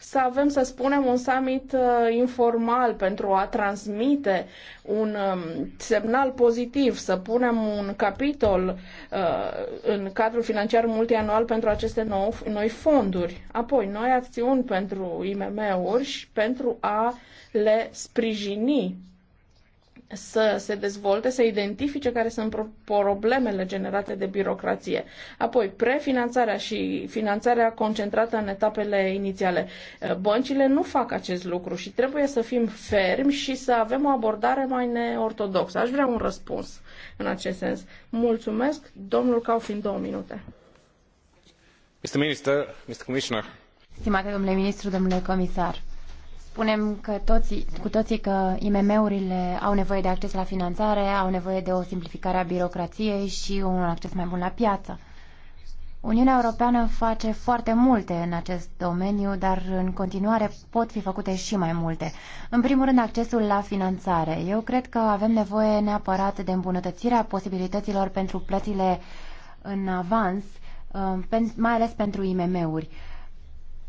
să avem, să spunem, un summit uh, informal pentru a transmite un um, semnal pozitiv, să punem un capitol uh, în cadrul financiar multianual pentru aceste nou, noi fonduri, apoi noi acțiuni pentru IMM-uri și pentru a le sprijini să se dezvolte, să identifice care sunt problemele generate de birocrație. Apoi, prefinanțarea și finanțarea concentrată în etapele inițiale. Eh, băncile nu fac acest lucru și trebuie să fim fermi și să avem o abordare mai neortodoxă. Aș vrea un răspuns în acest sens. Mulțumesc, domnul fiind două minute. Mr. Minister, Mr. Commissioner. Stimate domnule ministru, domnule comisar spunem că toți, cu toții că IMM-urile au nevoie de acces la finanțare, au nevoie de o simplificare a birocrației și un acces mai bun la piață. Uniunea Europeană face foarte multe în acest domeniu, dar în continuare pot fi făcute și mai multe. În primul rând, accesul la finanțare. Eu cred că avem nevoie neapărat de îmbunătățirea posibilităților pentru plățile în avans, uh, mai ales pentru IMM-uri.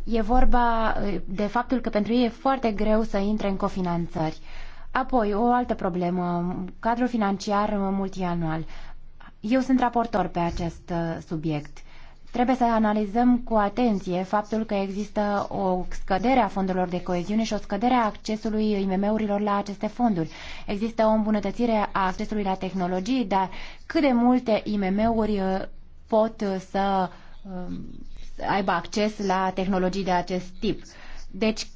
E vorba eh, de faptul că pentru ei e foarte greu să intre în cofinanțări. Apoi, o altă problemă, cadrul financiar multianual. Eu sunt raportor pe acest eh, subiect. Trebuie să analizăm cu atenție faptul că există o scădere a fondurilor de coeziune și o scădere a accesului IMM-urilor la aceste fonduri. Există o îmbunătățire a accesului la tehnologii, dar cât de multe IMM-uri eh, pot să aibă acces la tehnologii de acest tip. Deci,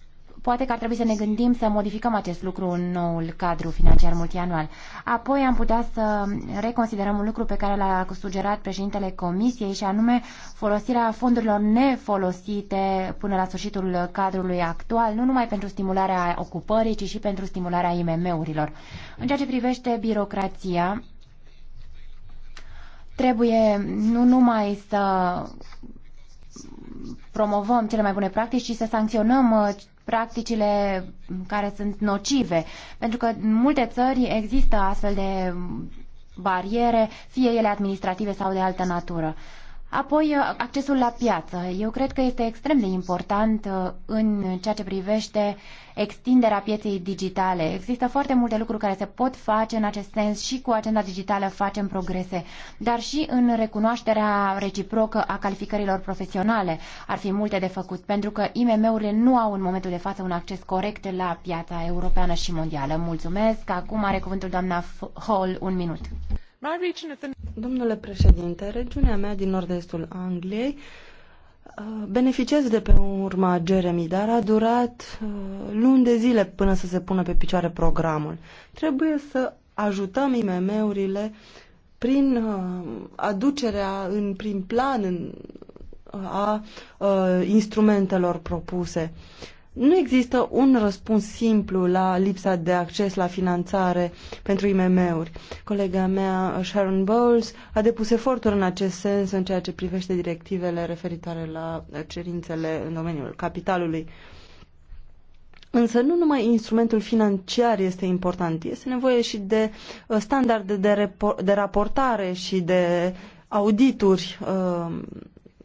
poate că ar trebui să ne gândim să modificăm acest lucru în noul cadru financiar multianual. Apoi am putea să reconsiderăm un lucru pe care l-a sugerat președintele Comisiei și anume folosirea fondurilor nefolosite până la sfârșitul cadrului actual, nu numai pentru stimularea ocupării, ci și pentru stimularea IMM-urilor. În ceea ce privește birocrația, trebuie nu numai să promovăm cele mai bune practici, și să sancționăm uh, practicile care sunt nocive. Pentru că în multe țări există astfel de bariere, fie ele administrative sau de altă natură. Apoi, uh, accesul la piață. Eu cred că este extrem de important uh, în ceea ce privește extinderea pieței digitale. Există foarte multe lucruri care se pot face în acest sens și cu agenda digitală facem progrese, dar și în recunoașterea reciprocă a calificărilor profesionale ar fi multe de făcut, pentru că IMM-urile nu au în momentul de față un acces corect la piața europeană și mondială. Mulțumesc! Acum are cuvântul doamna Hall un minut. Domnule președinte, regiunea mea din nord-estul Angliei uh, beneficiez de pe urma Jeremy, dar a durat uh, luni de zile până să se pună pe picioare programul. Trebuie să ajutăm IMM-urile prin uh, aducerea în prim plan în, a, a instrumentelor propuse. Nu există un răspuns simplu la lipsa de acces la finanțare pentru IMM-uri. Colega mea, Sharon Bowles, a depus eforturi în acest sens în ceea ce privește directivele referitoare la cerințele în domeniul capitalului. Însă nu numai instrumentul financiar este important, este nevoie și de uh, standarde de, de raportare și de audituri. Uh,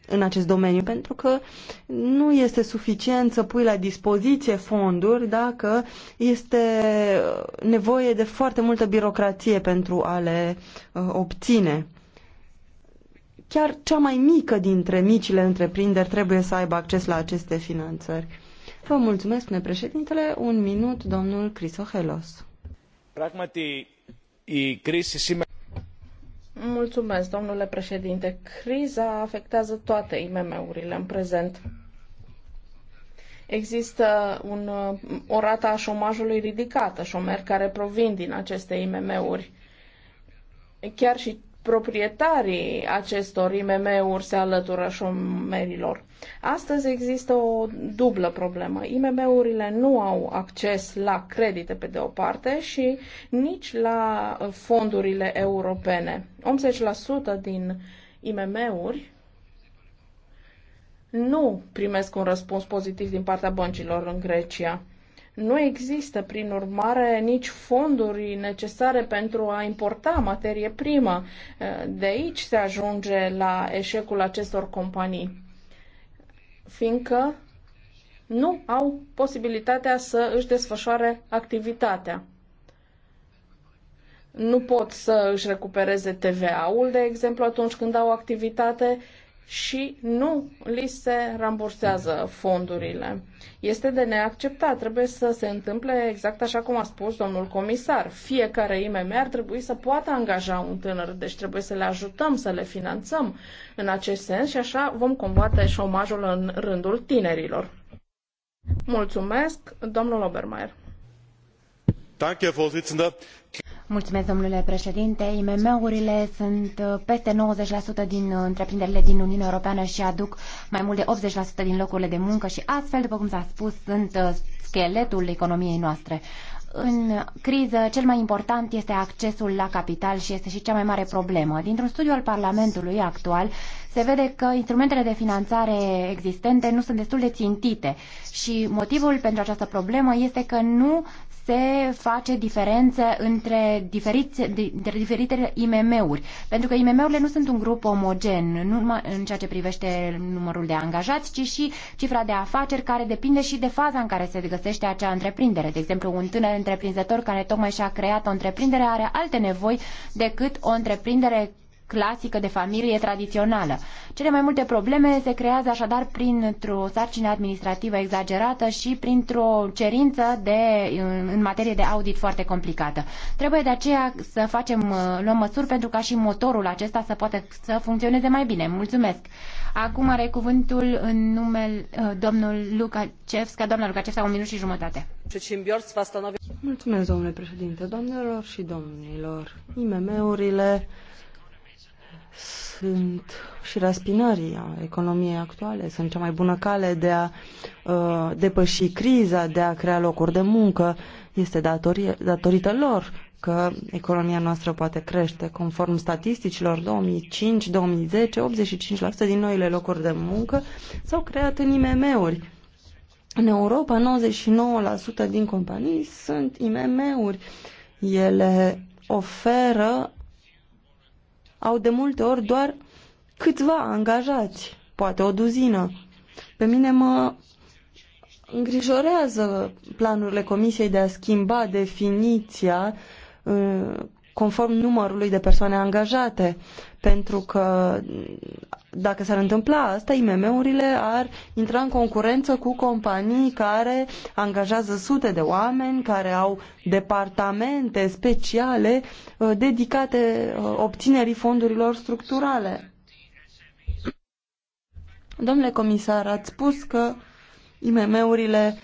în acest domeniu, pentru că nu este suficient să pui la dispoziție fonduri dacă este uh, nevoie de foarte multă birocrație pentru a le uh, obține. Chiar cea mai mică dintre micile întreprinderi trebuie să aibă acces la aceste finanțări. Vă mulțumesc, spune președintele. Un minut, domnul Crisohelos. Pragmatii, η κρίση σήμερα Mulțumesc, domnule președinte. Criza afectează toate IMM-urile în prezent. Există un, o rată a șomajului ridicată, șomeri care provin din aceste IMM-uri. Chiar și proprietarii acestor IMM-uri se alătură șomerilor. Astăzi există o dublă problemă. IMM-urile nu au acces la credite pe de o parte și nici la fondurile europene. 80% din IMM-uri nu primesc un răspuns pozitiv din partea băncilor în Grecia. Nu există, prin urmare, nici fonduri necesare pentru a importa materie primă. De aici se ajunge la eșecul acestor companii, fiindcă nu au posibilitatea să își desfășoare activitatea nu pot să își recupereze TVA-ul, de exemplu, atunci când au activitate și nu li se rambursează fondurile. Este de neacceptat. Trebuie să se întâmple exact așa cum a spus domnul comisar. Fiecare IMM ar trebui să poată angaja un tânăr, deci trebuie să le ajutăm, să le finanțăm în acest sens și așa vom combate șomajul în rândul tinerilor. Mulțumesc, domnul Obermeier. Danke, Mulțumesc, domnule președinte. IMM-urile sunt uh, peste 90% din uh, întreprinderile din Uniunea Europeană și aduc mai mult de 80% din locurile de muncă și astfel, după cum s-a spus, sunt uh, scheletul economiei noastre. În criză, cel mai important este accesul la capital și este și cea mai mare problemă. Dintr-un studiu al Parlamentului actual, se vede că instrumentele de finanțare existente nu sunt destul de țintite și motivul pentru această problemă este că nu se face diferențe între, diferiți, între diferite IMM-uri, pentru că IMM-urile nu sunt un grup omogen, nu numai în ceea ce privește numărul de angajați, ci și cifra de afaceri care depinde și de faza în care se găsește acea întreprindere. De exemplu, un tânăr întreprinzător care tocmai și-a creat o întreprindere are alte nevoi decât o întreprindere clasică de familie tradițională. Cele mai multe probleme se creează așadar printr-o sarcină administrativă exagerată și printr-o cerință de, în materie de audit foarte complicată. Trebuie de aceea să facem, uh, luăm măsuri pentru ca și motorul acesta să poată să funcționeze mai bine. Mulțumesc! Acum are cuvântul în numele uh, domnul Lukacevska. Doamna Lukacevska, un minut și jumătate. Mulțumesc, domnule președinte, doamnelor și domnilor. IMM-urile sunt și raspinării a economiei actuale, sunt cea mai bună cale de a uh, depăși criza, de a crea locuri de muncă. Este datorie, datorită lor că economia noastră poate crește. Conform statisticilor 2005-2010, 85% din noile locuri de muncă s-au creat în IMM-uri. În Europa, 99% din companii sunt IMM-uri. Ele oferă au de multe ori doar câțiva angajați, poate o duzină. Pe mine mă îngrijorează planurile Comisiei de a schimba definiția uh, conform numărului de persoane angajate, pentru că dacă s-ar întâmpla asta, IMM-urile ar intra în concurență cu companii care angajează sute de oameni, care au departamente speciale uh, dedicate uh, obținerii fondurilor structurale. Domnule comisar, ați spus că IMM-urile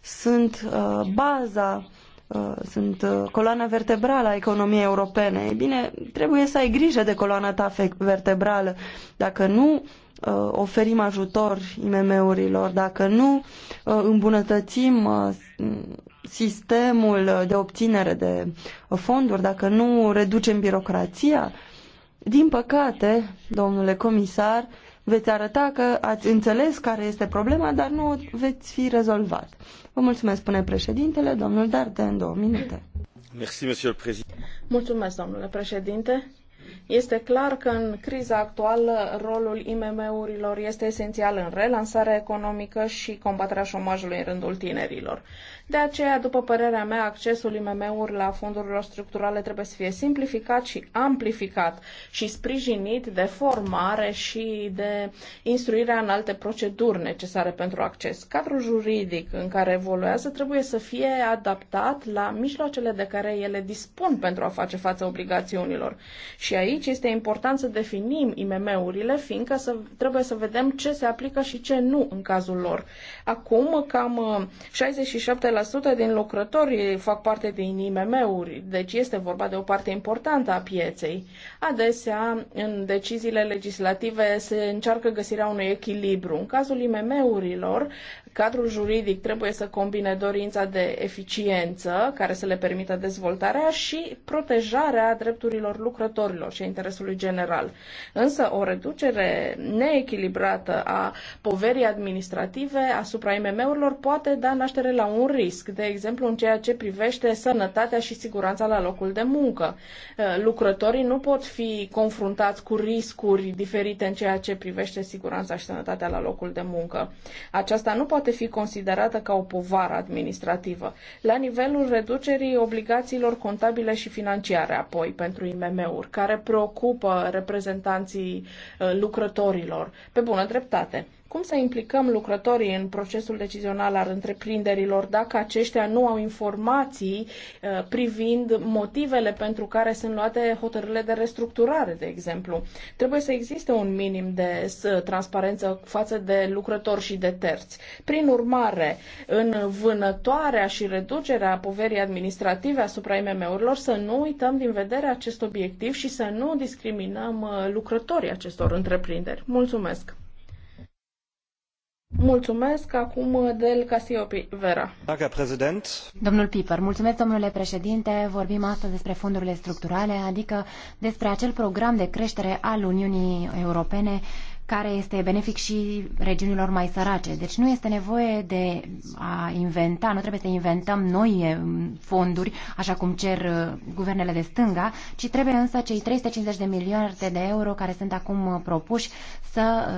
sunt uh, baza Uh, sunt uh, coloana vertebrală a economiei europene. E bine, trebuie să ai grijă de coloana ta vertebrală. Dacă nu uh, oferim ajutor IMM-urilor, dacă nu îmbunătățim sistemul de obținere de fonduri, dacă nu reducem birocrația, din păcate, domnule comisar, veți arăta că ați înțeles care este problema, dar nu o veți fi rezolvat. Vă mulțumesc, spune președintele, domnul în două minute. Mulțumesc, domnule președinte. Este clar că în criza actuală rolul IMM-urilor este esențial în relansarea economică și combaterea șomajului în rândul tinerilor. De aceea, după părerea mea, accesul imm uri la fondurile structurale trebuie să fie simplificat și amplificat și sprijinit de formare și de instruirea în alte proceduri necesare pentru acces. Cadrul juridic în care evoluează trebuie să fie adaptat la mijloacele de care ele dispun pentru a face față obligațiunilor. Și aici este important să definim IMM-urile, fiindcă să, trebuie să vedem ce se aplică și ce nu în cazul lor. Acum, cam 67 uh, din lucrători fac parte din IMM-uri, deci este vorba de o parte importantă a pieței. Adesea, în deciziile legislative se încearcă găsirea unui echilibru. În cazul IMM-urilor, Cadrul juridic trebuie să combine dorința de eficiență care să le permită dezvoltarea și protejarea drepturilor lucrătorilor și a interesului general. Însă o reducere neechilibrată a poverii administrative asupra IMM-urilor poate da naștere la un risc, de exemplu în ceea ce privește sănătatea și siguranța la locul de muncă. Uh, lucrătorii nu pot fi confruntați cu riscuri diferite în ceea ce privește siguranța și sănătatea la locul de muncă. Aceasta nu poate poate fi considerată ca o povară administrativă, la nivelul reducerii obligațiilor contabile și financiare apoi pentru IMM-uri, care preocupă reprezentanții uh, lucrătorilor, pe bună dreptate. Cum să implicăm lucrătorii în procesul decizional al întreprinderilor dacă aceștia nu au informații uh, privind motivele pentru care sunt luate hotărârile de restructurare, de exemplu? Trebuie să existe un minim de transparență față de lucrători și de terți. Prin urmare, în vânătoarea și reducerea poverii administrative asupra IMM-urilor, să nu uităm din vedere acest obiectiv și să nu discriminăm uh, lucrătorii acestor întreprinderi. Mulțumesc! Mulțumesc acum del Casiopi Vera. Domnul Piper, mulțumesc domnule președinte. Vorbim astăzi despre fondurile structurale, adică despre acel program de creștere al Uniunii Europene care este benefic și regiunilor mai sărace. Deci nu este nevoie de a inventa, nu trebuie să inventăm noi eh, fonduri, așa cum cer eh, guvernele de stânga, ci trebuie însă cei 350 de miliarde de euro care sunt acum eh, propuși să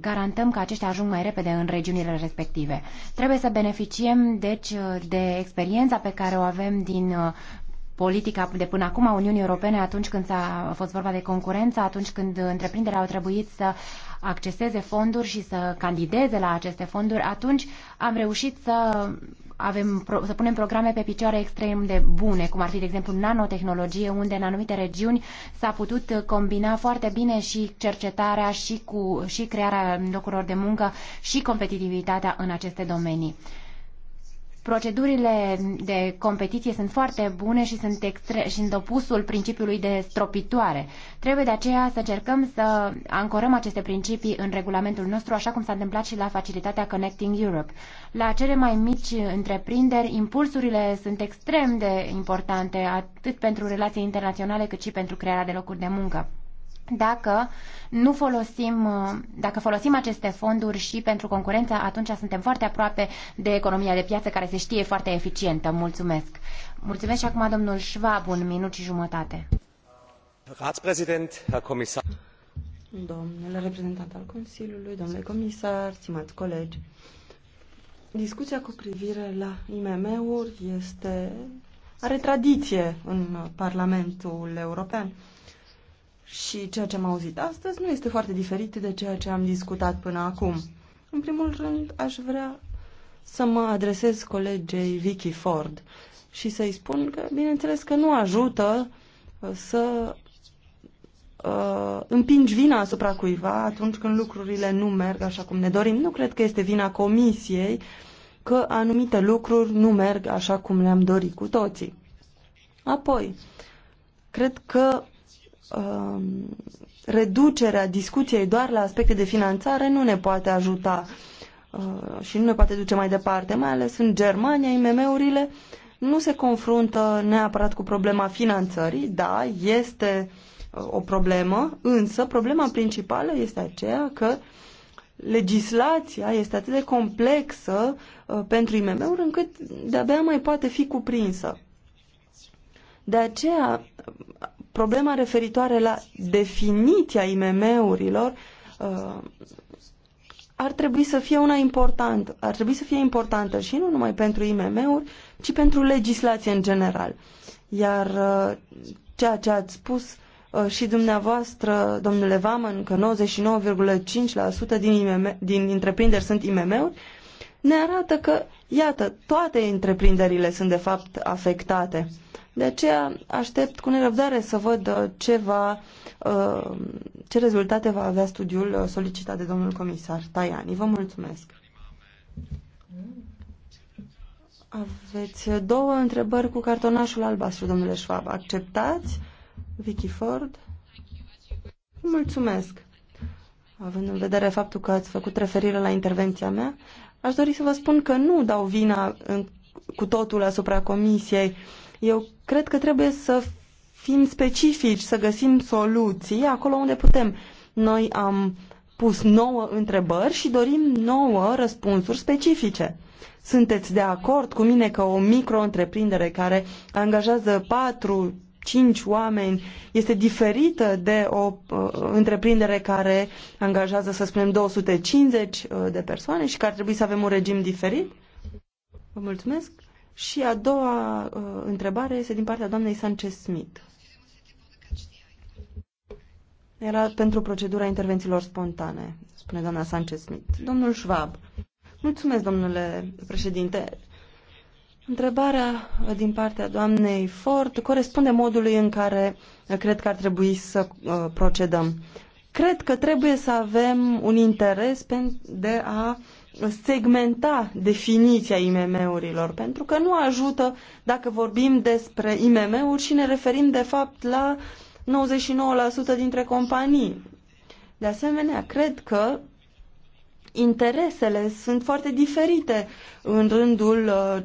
garantăm că aceștia ajung mai repede în regiunile respective. Trebuie să beneficiem, deci, de experiența pe care o avem din politica de până acum a Uniunii Europene atunci când a fost vorba de concurență, atunci când întreprinderea au trebuit să acceseze fonduri și să candideze la aceste fonduri, atunci am reușit să avem, să punem programe pe picioare extrem de bune, cum ar fi, de exemplu, nanotehnologie, unde în anumite regiuni s-a putut combina foarte bine și cercetarea și, cu, și crearea locurilor de muncă și competitivitatea în aceste domenii. Procedurile de competiție sunt foarte bune și sunt, extre- și sunt opusul principiului de stropitoare. Trebuie de aceea să cercăm să ancorăm aceste principii în regulamentul nostru, așa cum s-a întâmplat și la facilitatea Connecting Europe. La cele mai mici întreprinderi, impulsurile sunt extrem de importante, atât pentru relații internaționale cât și pentru crearea de locuri de muncă dacă nu folosim, uh, dacă folosim aceste fonduri și pentru concurență, atunci suntem foarte aproape de economia de piață care se știe foarte eficientă. Mulțumesc. Mulțumesc și acum domnul Schwab, un minut și jumătate. Comisar. Domnule reprezentant al Consiliului, domnule comisar, stimați colegi, discuția cu privire la IMM-uri este, are tradiție în Parlamentul European și ceea ce am auzit astăzi nu este foarte diferit de ceea ce am discutat până acum. În primul rând, aș vrea să mă adresez colegei Vicky Ford și să-i spun că, bineînțeles, că nu ajută uh, să uh, împingi vina asupra cuiva atunci când lucrurile nu merg așa cum ne dorim. Nu cred că este vina comisiei că anumite lucruri nu merg așa cum le-am dorit cu toții. Apoi, cred că Um, reducerea discuției doar la aspecte de finanțare nu ne poate ajuta uh, și nu ne poate duce mai departe, mai ales în Germania, IMM-urile nu se confruntă neapărat cu problema finanțării, da, este uh, o problemă, însă problema principală este aceea că legislația este atât de complexă uh, pentru IMM-uri încât de-abia mai poate fi cuprinsă. De aceea Problema referitoare la definiția IMM-urilor uh, ar trebui să fie una importantă. Ar trebui să fie importantă și nu numai pentru IMM-uri, ci pentru legislație în general. Iar uh, ceea ce ați spus uh, și dumneavoastră, domnule Vaman, că 99,5% din, IMM, din întreprinderi sunt IMM-uri, ne arată că, iată, toate întreprinderile sunt de fapt afectate. De aceea aștept cu nerăbdare să văd uh, ce, va, uh, ce rezultate va avea studiul uh, solicitat de domnul comisar Tajani. Vă mulțumesc! Aveți două întrebări cu cartonașul albastru, domnule Schwab. Acceptați? Vicky Ford? Mulțumesc! Având în vedere faptul că ați făcut referire la intervenția mea, Aș dori să vă spun că nu dau vina în, cu totul asupra Comisiei. Eu cred că trebuie să fim specifici, să găsim soluții acolo unde putem. Noi am pus nouă întrebări și dorim nouă răspunsuri specifice. Sunteți de acord cu mine că o micro-întreprindere care angajează patru cinci oameni este diferită de o uh, întreprindere care angajează, să spunem, 250 uh, de persoane și că ar trebui să avem un regim diferit? Vă mulțumesc. Și a doua uh, întrebare este din partea doamnei Sanchez-Smith. Era pentru procedura intervențiilor spontane, spune doamna Sanchez-Smith. Domnul Schwab, mulțumesc, domnule președinte. Întrebarea din partea doamnei Ford corespunde modului în care cred că ar trebui să uh, procedăm. Cred că trebuie să avem un interes de a segmenta definiția IMM-urilor, pentru că nu ajută dacă vorbim despre IMM-uri și ne referim de fapt la 99% dintre companii. De asemenea, cred că interesele sunt foarte diferite în rândul uh,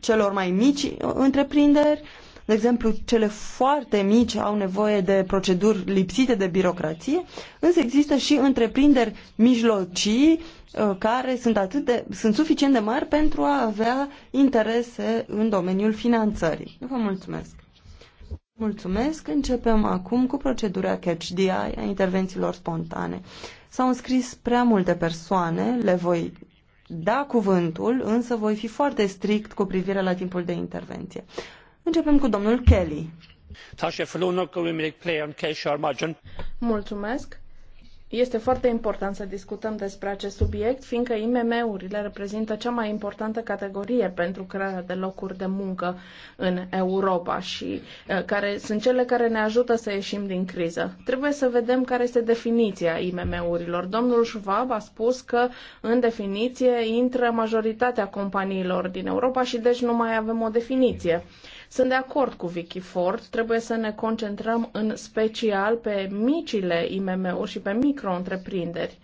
celor mai mici întreprinderi. De exemplu, cele foarte mici au nevoie de proceduri lipsite de birocrație, însă există și întreprinderi mijlocii uh, care sunt, atât de, sunt suficient de mari pentru a avea interese în domeniul finanțării. Vă mulțumesc! Mulțumesc. Începem acum cu procedura Catch eye a intervențiilor spontane. S-au înscris prea multe persoane, le voi da cuvântul, însă voi fi foarte strict cu privire la timpul de intervenție. Începem cu domnul Kelly. Mulțumesc. Este foarte important să discutăm despre acest subiect, fiindcă IMM-urile reprezintă cea mai importantă categorie pentru crearea de locuri de muncă în Europa și uh, care sunt cele care ne ajută să ieșim din criză. Trebuie să vedem care este definiția IMM-urilor. Domnul Schwab a spus că în definiție intră majoritatea companiilor din Europa și deci nu mai avem o definiție. Sunt de acord cu Vicky Ford, trebuie să ne concentrăm în special pe micile IMM-uri și pe micro-întreprinderi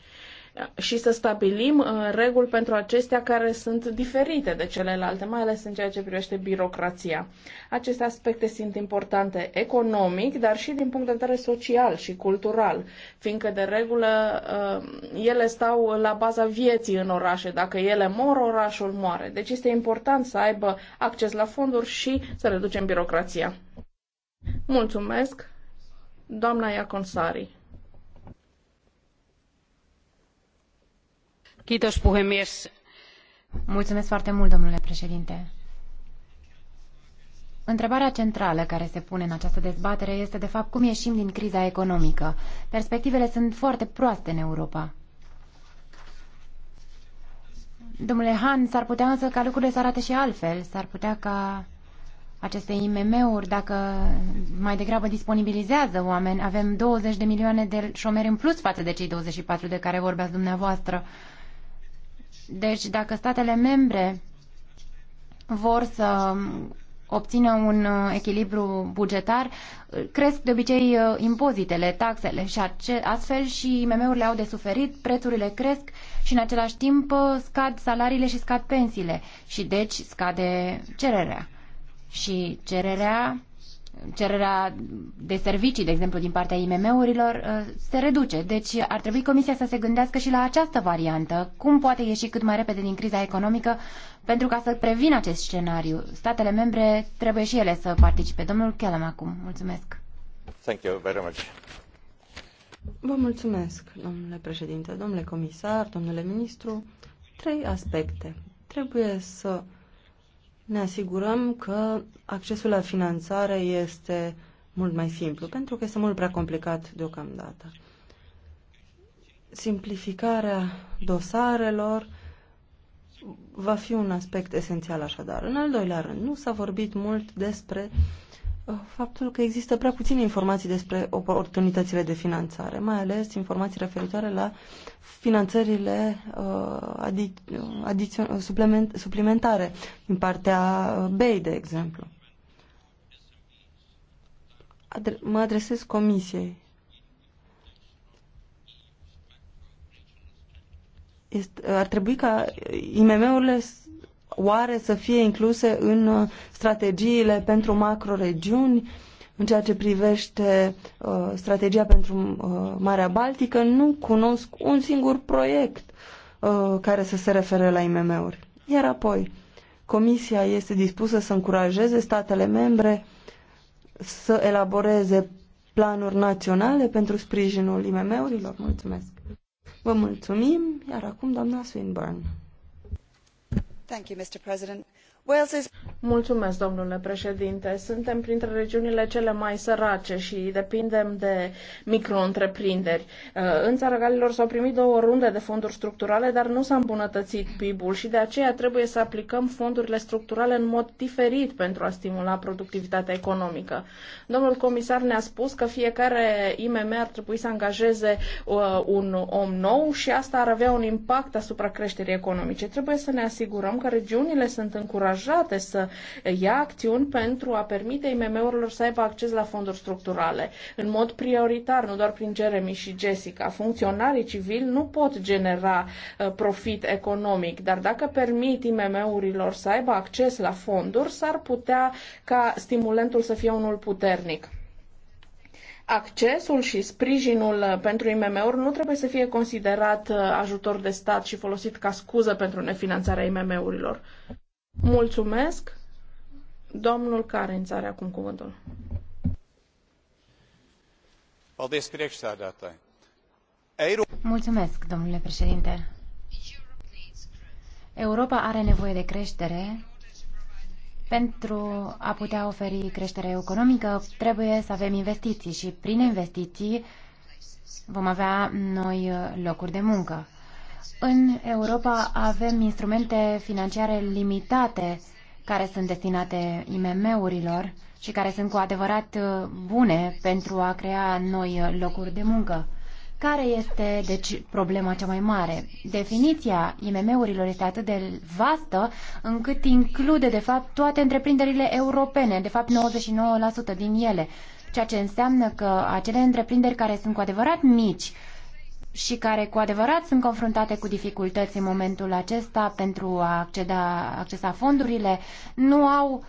și să stabilim uh, reguli pentru acestea care sunt diferite de celelalte, mai ales în ceea ce privește birocrația. Aceste aspecte sunt importante economic, dar și din punct de vedere social și cultural, fiindcă de regulă uh, ele stau la baza vieții în orașe. Dacă ele mor, orașul moare. Deci este important să aibă acces la fonduri și să reducem birocrația. Mulțumesc, doamna Iaconsari. Mulțumesc foarte mult, domnule președinte. Întrebarea centrală care se pune în această dezbatere este, de fapt, cum ieșim din criza economică. Perspectivele sunt foarte proaste în Europa. Domnule Han, s-ar putea însă ca lucrurile să arate și altfel. S-ar putea ca aceste IMM-uri, dacă mai degrabă disponibilizează oameni, avem 20 de milioane de șomeri în plus față de cei 24 de care vorbeați dumneavoastră. Uh, deci, dacă statele membre vor să obțină un uh, echilibru bugetar, uh, cresc de obicei uh, impozitele, taxele și astfel și mm urile au de suferit, prețurile cresc și în același timp scad salariile și scad pensiile și deci scade cererea. Și cererea cererea de servicii, de exemplu, din partea IMM-urilor, uh, se reduce. Deci ar trebui Comisia să se gândească și la această variantă. Cum poate ieși cât mai repede din criza economică pentru ca să prevină acest scenariu? Statele membre trebuie și ele să participe. Domnul Kellam acum. Mulțumesc. Thank you very much. Vă mulțumesc, domnule președinte, domnule comisar, domnule ministru. Trei aspecte. Trebuie să ne asigurăm că accesul la finanțare este mult mai simplu, pentru că este mult prea complicat deocamdată. Simplificarea dosarelor va fi un aspect esențial așadar. În al doilea rând, nu s-a vorbit mult despre uh, Uh, faptul că există prea puține informații despre oportunitățile de finanțare, mai ales informații referitoare la finanțările adi uh, adi uh, suplimentare din partea BEI, de exemplu. Adre mă adresez Comisiei. Este, ar trebui ca IMM-urile oare să fie incluse în uh, strategiile pentru macroregiuni în ceea ce privește uh, strategia pentru uh, Marea Baltică, nu cunosc un singur proiect uh, care să se refere la IMM-uri. Iar apoi, Comisia este dispusă să încurajeze statele membre să elaboreze planuri naționale pentru sprijinul IMM-urilor. Mulțumesc! Vă mulțumim, iar acum doamna Swinburne mr president Mulțumesc, domnule președinte. Suntem printre regiunile cele mai sărace și depindem de micro-întreprinderi. Uh, în țara Galilor s-au primit două runde de fonduri structurale, dar nu s-a îmbunătățit PIB-ul și de aceea trebuie să aplicăm fondurile structurale în mod diferit pentru a stimula productivitatea economică. Domnul comisar ne-a spus că fiecare IMM ar trebui să angajeze uh, un om nou și asta ar avea un impact asupra creșterii economice. Trebuie să ne asigurăm că regiunile sunt încurajate angajate să ia acțiuni pentru a permite IMM-urilor să aibă acces la fonduri structurale. În mod prioritar, nu doar prin Jeremy și Jessica, funcționarii civili nu pot genera uh, profit economic, dar dacă permit IMM-urilor să aibă acces la fonduri, s-ar putea ca stimulentul să fie unul puternic accesul și sprijinul uh, pentru IMM-uri nu trebuie să fie considerat uh, ajutor de stat și folosit ca scuză pentru nefinanțarea IMM-urilor. Mulțumesc. Domnul Carenț are acum cuvântul. Mulțumesc, domnule președinte. Europa are nevoie de creștere. Pentru a putea oferi creștere economică, trebuie să avem investiții și prin investiții vom avea noi locuri de muncă. În Europa avem instrumente financiare limitate care sunt destinate IMM-urilor și care sunt cu adevărat uh, bune pentru a crea noi locuri de muncă. Care este, deci, problema cea mai mare? Definiția IMM-urilor este atât de vastă încât include, de fapt, toate întreprinderile europene, de fapt 99% din ele, ceea ce înseamnă că acele întreprinderi care sunt cu adevărat mici, și care cu adevărat sunt confruntate cu dificultăți în momentul acesta pentru a acceda, accesa fondurile, nu au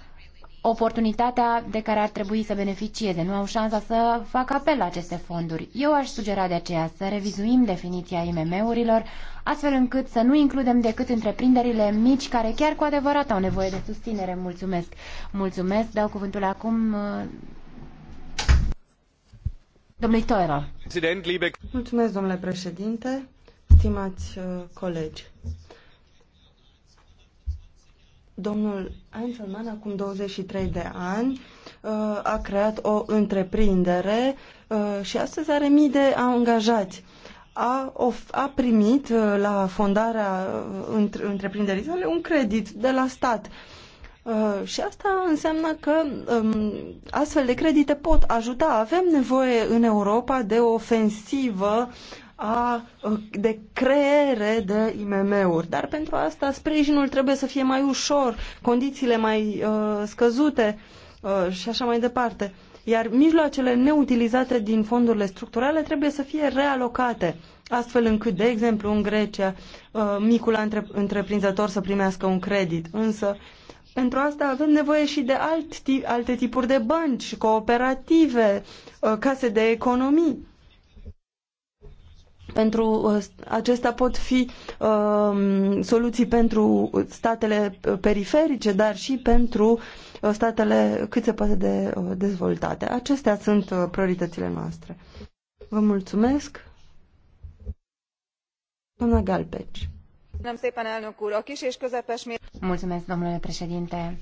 oportunitatea de care ar trebui să beneficieze, nu au șansa să facă apel la aceste fonduri. Eu aș sugera de aceea să revizuim definiția IMM-urilor, astfel încât să nu includem decât întreprinderile mici care chiar cu adevărat au nevoie de susținere. Mulțumesc! Mulțumesc! Dau cuvântul acum Domnului domnule președinte, stimați uh, colegi. Domnul Einzelman, acum 23 de ani, uh, a creat o întreprindere uh, și astăzi are mii de angajați a, of, a primit la fondarea întreprinderii sale un credit de la stat. Uh, și asta înseamnă că um, astfel de credite pot ajuta. Avem nevoie în Europa de o ofensivă a, uh, de creere de IMM-uri. Dar pentru asta sprijinul trebuie să fie mai ușor, condițiile mai uh, scăzute uh, și așa mai departe. Iar mijloacele neutilizate din fondurile structurale trebuie să fie realocate, astfel încât, de exemplu, în Grecia, uh, micul antre- întreprinzător să primească un credit. Însă, pentru asta avem nevoie și de alt tip, alte tipuri de bănci, cooperative, uh, case de economii. Pentru uh, acestea pot fi um, soluții pentru statele periferice, dar și pentru uh, statele cât se poate de dezvoltate. Acestea sunt prioritățile noastre. Vă mulțumesc. Doamna Galpeci. Mulțumesc, domnule președinte.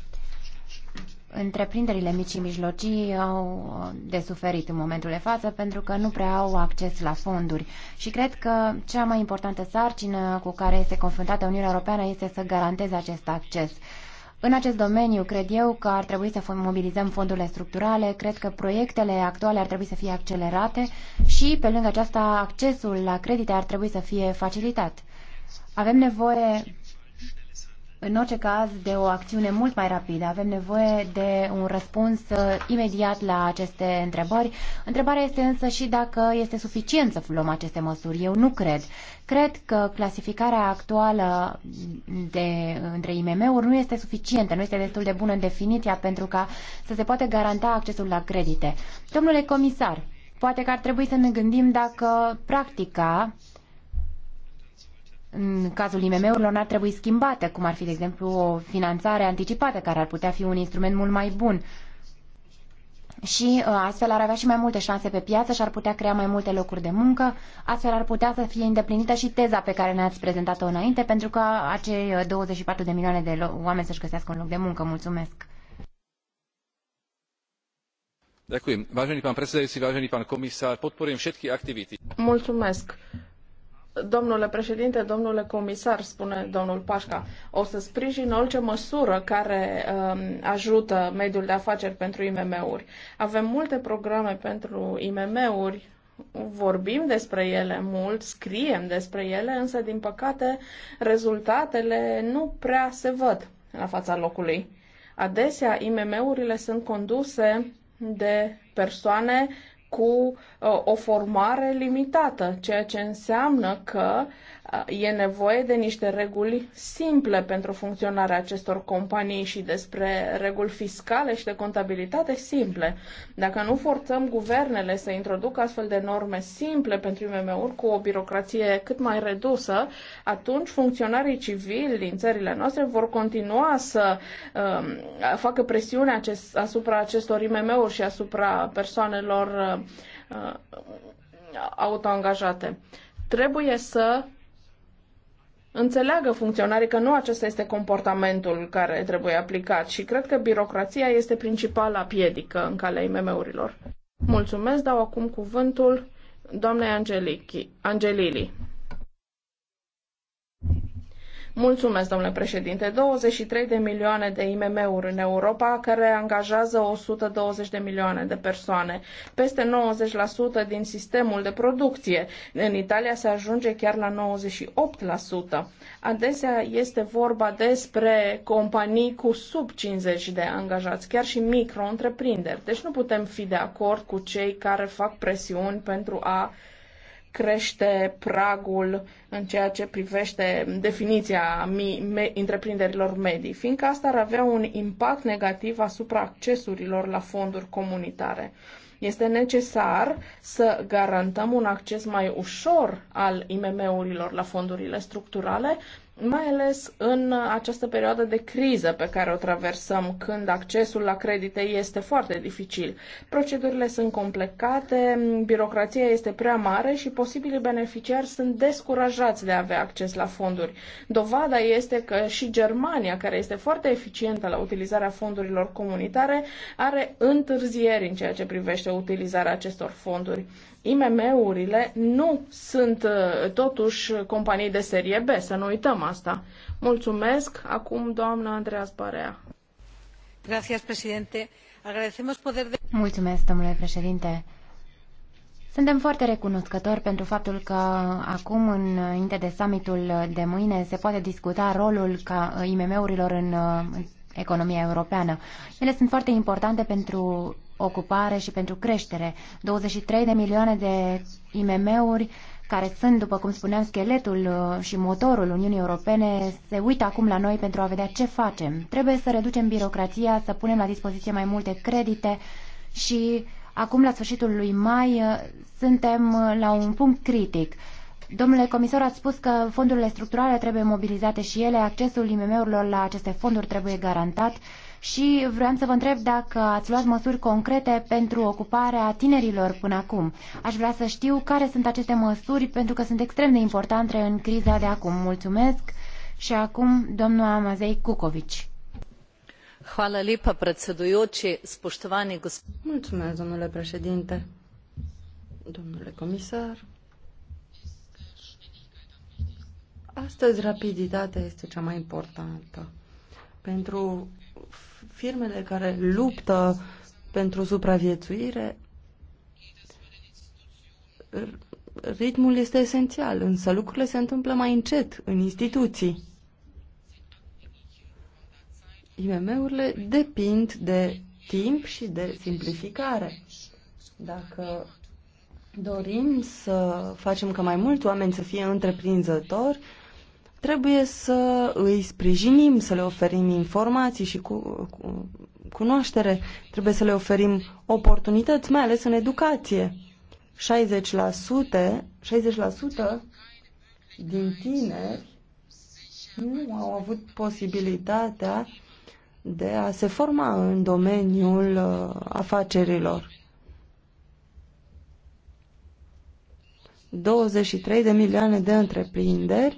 Întreprinderile mici și mijlocii au de suferit în momentul de față pentru că nu prea au acces la fonduri și cred că cea mai importantă sarcină cu care este confruntată Uniunea Europeană este să garanteze acest acces. În acest domeniu, cred eu că ar trebui să mobilizăm fondurile structurale, cred că proiectele actuale ar trebui să fie accelerate și, pe lângă aceasta, accesul la credite ar trebui să fie facilitat. Avem nevoie, în orice caz, de o acțiune mult mai rapidă. Avem nevoie de un răspuns uh, imediat la aceste întrebări. Întrebarea este însă și dacă este suficient să luăm aceste măsuri. Eu nu cred. Cred că clasificarea actuală de, între IMM-uri nu este suficientă, nu este destul de bună în definiția pentru ca să se poate garanta accesul la credite. Domnule comisar, poate că ar trebui să ne gândim dacă practica în cazul IMM-urilor n-ar trebui schimbate, cum ar fi, de exemplu, o finanțare anticipată, care ar putea fi un instrument mult mai bun. Și uh, astfel ar avea și mai multe șanse pe piață și ar putea crea mai multe locuri de muncă, astfel ar putea să fie îndeplinită și teza pe care ne-ați prezentat-o înainte, pentru că acei 24 uh, de milioane de oameni să-și găsească un loc de muncă. Mulțumesc! Ďakujem. Vážený pán predsedajúci, vážený pán komisár, podporujem všetky aktivity. Mulțumesc. Domnule președinte, domnule comisar, spune domnul Pașca, o să sprijin orice măsură care um, ajută mediul de afaceri pentru IMM-uri. Avem multe programe pentru IMM-uri, vorbim despre ele mult, scriem despre ele, însă, din păcate, rezultatele nu prea se văd la fața locului. Adesea, IMM-urile sunt conduse de persoane cu uh, o formare limitată, ceea ce înseamnă că E nevoie de niște reguli simple pentru funcționarea acestor companii și despre reguli fiscale și de contabilitate simple. Dacă nu forțăm guvernele să introducă astfel de norme simple pentru IMM-uri cu o birocrație cât mai redusă, atunci funcționarii civili din țările noastre vor continua să um, facă presiune acest, asupra acestor IMM-uri și asupra persoanelor uh, uh autoangajate. Trebuie să înțeleagă funcționarii că nu acesta este comportamentul care trebuie aplicat și cred că birocrația este principala piedică în calea IMM-urilor. Mulțumesc, dau acum cuvântul doamnei Angelili. Mulțumesc, domnule președinte. 23 de milioane de IMM-uri în Europa, care angajează 120 de milioane de persoane. Peste 90% din sistemul de producție. În Italia se ajunge chiar la 98%. Adesea este vorba despre companii cu sub 50 de angajați, chiar și micro-întreprinderi. Deci nu putem fi de acord cu cei care fac presiuni pentru a crește pragul în ceea ce privește definiția întreprinderilor medii, fiindcă asta ar avea un impact negativ asupra accesurilor la fonduri comunitare. Este necesar să garantăm un acces mai ușor al IMM-urilor la fondurile structurale, mai ales în această perioadă de criză pe care o traversăm, când accesul la credite este foarte dificil. Procedurile sunt complicate, birocrația este prea mare și posibilii beneficiari sunt descurajați de a avea acces la fonduri. Dovada este că și Germania, care este foarte eficientă la utilizarea fondurilor comunitare, are întârzieri în ceea ce privește utilizarea acestor fonduri. IMM-urile nu sunt uh, totuși companii de serie B, să nu uităm asta. Mulțumesc. Acum doamna Andreas Barea. Gracias, presidente. Agradecemos poder de... Mulțumesc, domnule președinte. Suntem foarte recunoscători pentru faptul că acum, înainte de summitul de mâine, se poate discuta rolul ca uh, IMM-urilor în uh, economia europeană. Ele sunt foarte importante pentru ocupare și pentru creștere. 23 de milioane de IMM-uri care sunt, după cum spuneam, scheletul uh, și motorul Uniunii Europene, se uită acum la noi pentru a vedea ce facem. Trebuie să reducem birocrația, să punem la dispoziție mai multe credite și acum, la sfârșitul lui mai, uh, suntem uh, la un punct critic. Domnule comisar, ați spus că fondurile structurale trebuie mobilizate și ele, accesul IMM-urilor la aceste fonduri trebuie garantat și vreau să vă întreb dacă ați luat măsuri concrete pentru ocuparea tinerilor până acum. Aș vrea să știu care sunt aceste măsuri pentru că sunt extrem de importante în criza de acum. Mulțumesc și acum domnul Amazei Cucovici. Mulțumesc, domnule președinte, domnule comisar, Astăzi rapiditatea este cea mai importantă. Pentru Firmele care luptă pentru supraviețuire, ritmul este esențial, însă lucrurile se întâmplă mai încet în instituții. IMM-urile depind de timp și de simplificare. Dacă dorim să facem ca mai mulți oameni să fie întreprinzători, Trebuie să îi sprijinim, să le oferim informații și cu, cu, cunoaștere. Trebuie să le oferim oportunități, mai ales în educație. 60%, 60% din tineri nu au avut posibilitatea de a se forma în domeniul uh, afacerilor. 23 de milioane de întreprinderi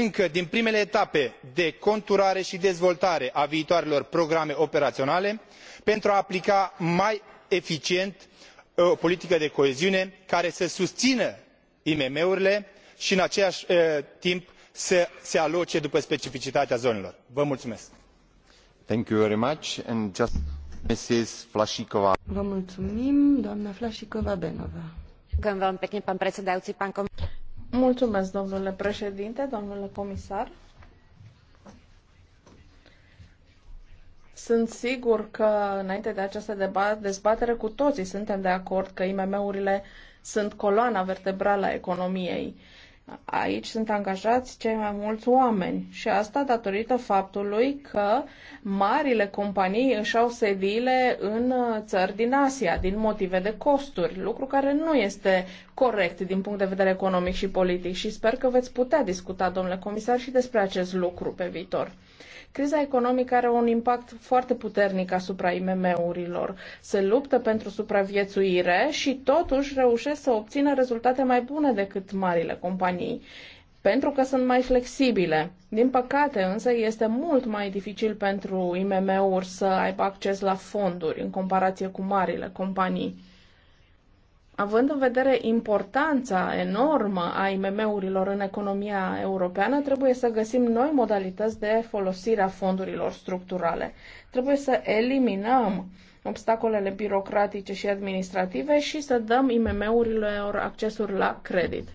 încă din primele etape de conturare i dezvoltare a viitoarelor programe operaionale pentru a aplica mai eficient uh, o politică de coeziune care să susină imm urile i în acelai uh, timp să se aloce după specificitatea zonelor. Vă mulțumesc. Vă mulțumim, Benova. Mulțumesc, domnule președinte, domnule comisar. Sunt sigur că înainte de această dezbatere cu toții suntem de acord că IMM-urile sunt coloana vertebrală a economiei Aici sunt angajați cei mai mulți oameni și asta datorită faptului că marile companii își au sediile în uh, țări din Asia, din motive de costuri, lucru care nu este corect din punct de vedere economic și politic și sper că veți putea discuta, domnule comisar, și despre acest lucru pe viitor. Criza economică are un impact foarte puternic asupra IMM-urilor. Se luptă pentru supraviețuire și totuși reușesc să obțină rezultate mai bune decât marile companii pentru că sunt mai flexibile. Din păcate, însă, este mult mai dificil pentru IMM-uri să aibă acces la fonduri în comparație cu marile companii. Având în vedere importanța enormă a IMM-urilor în economia europeană, trebuie să găsim noi modalități de folosire a fondurilor structurale. Trebuie să eliminăm obstacolele birocratice și administrative și să dăm IMM-urilor accesul la credit.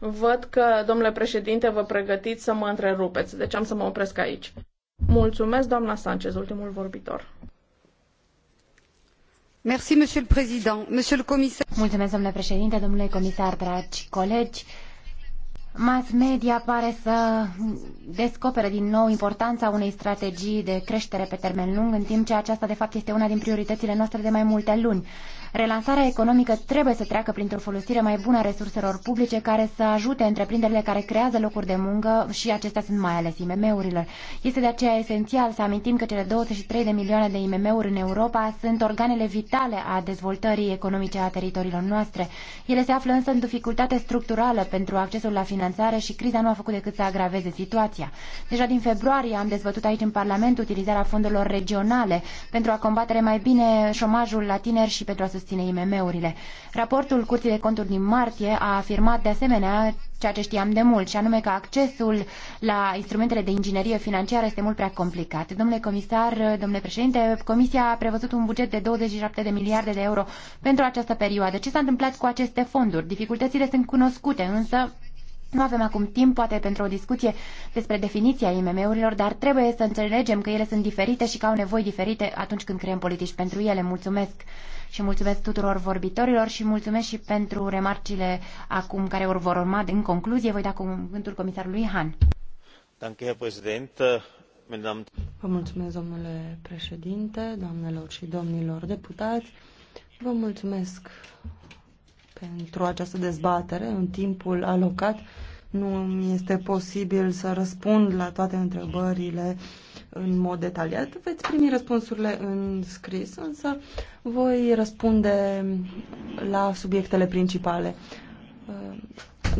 Văd că, domnule președinte, vă pregătiți să mă întrerupeți, deci am să mă opresc aici. Mulțumesc, doamna Sanchez, ultimul vorbitor. Mulțumesc, domnule președinte, domnule comisar, dragi colegi. Mass media pare să descopere din nou importanța unei strategii de creștere pe termen lung, în timp ce aceasta de fapt este una din prioritățile noastre de mai multe luni. Relansarea economică trebuie să treacă printr-o folosire mai bună a resurselor publice care să ajute întreprinderile care creează locuri de muncă și acestea sunt mai ales IMM-urilor. Este de aceea esențial să amintim că cele 23 de milioane de IMM-uri în Europa sunt organele vitale a dezvoltării economice a teritoriilor noastre. Ele se află însă în dificultate structurală pentru accesul la finanțare și criza nu a făcut decât să agraveze situația. Deja din februarie am dezbătut aici în Parlament utilizarea fondurilor regionale pentru a combatere mai bine șomajul la tineri și pentru a susține susține IMM-urile. Raportul Curții de Conturi din martie a afirmat de asemenea ceea ce știam de mult, și anume că accesul la instrumentele de inginerie financiară este mult prea complicat. Domnule comisar, domnule președinte, Comisia a prevăzut un buget de 27 de miliarde de euro pentru această perioadă. Ce s-a întâmplat cu aceste fonduri? Dificultățile sunt cunoscute, însă nu avem acum timp, poate, pentru o discuție despre definiția IMM-urilor, dar trebuie să înțelegem că ele sunt diferite și că au nevoi diferite atunci când creăm politici pentru ele. Mulțumesc și mulțumesc tuturor vorbitorilor și mulțumesc și pentru remarcile acum care vor urma. În concluzie, voi da cuvântul comisarului Han. Vă mulțumesc, domnule președinte, doamnelor și domnilor deputați. Vă mulțumesc pentru această dezbatere în timpul alocat. Nu mi este posibil să răspund la toate întrebările în mod detaliat. Veți primi răspunsurile în scris, însă voi răspunde la subiectele principale.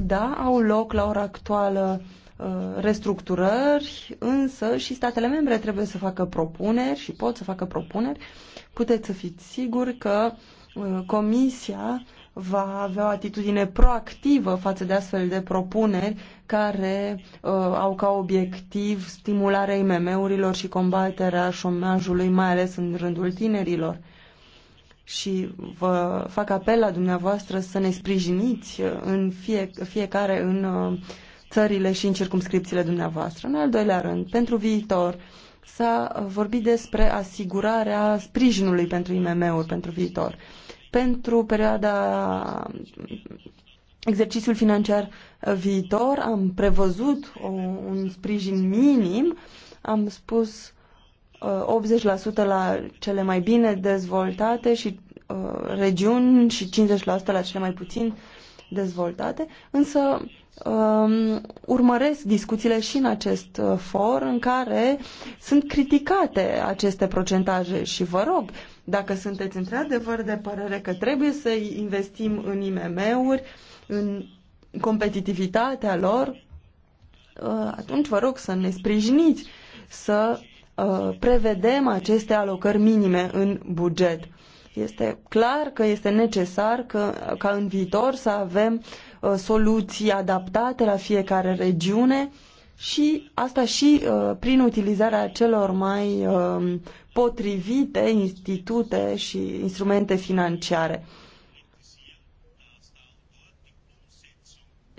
Da, au loc la ora actuală uh, restructurări, însă și statele membre trebuie să facă propuneri și pot să facă propuneri. Puteți să fiți siguri că uh, Comisia va avea o atitudine proactivă față de astfel de propuneri care uh, au ca obiectiv stimularea IMM-urilor și combaterea șomajului, mai ales în rândul tinerilor. Și vă fac apel la dumneavoastră să ne sprijiniți uh, în fie, fiecare în uh, țările și în circumscripțiile dumneavoastră. În al doilea rând, pentru viitor, s-a vorbit despre asigurarea sprijinului pentru IMM-uri pentru viitor. Uh, pentru perioada exercițiul financiar viitor am prevăzut o, un sprijin minim, am spus 80% uh, la cele mai bine dezvoltate și uh, regiuni și 50% la cele mai puțin dezvoltate, însă um, urmăresc discuțiile și în acest uh, for în care sunt criticate aceste procentaje și vă rog, uh, dacă sunteți într-adevăr de părere că trebuie să investim în IMM-uri, în competitivitatea lor, uh, atunci vă rog să ne sprijiniți să uh, prevedem aceste alocări minime în buget. Este clar că este necesar că, ca în viitor să avem uh, soluții adaptate la fiecare regiune uh, și asta și uh, prin utilizarea celor mai uh, potrivite institute și instrumente financiare.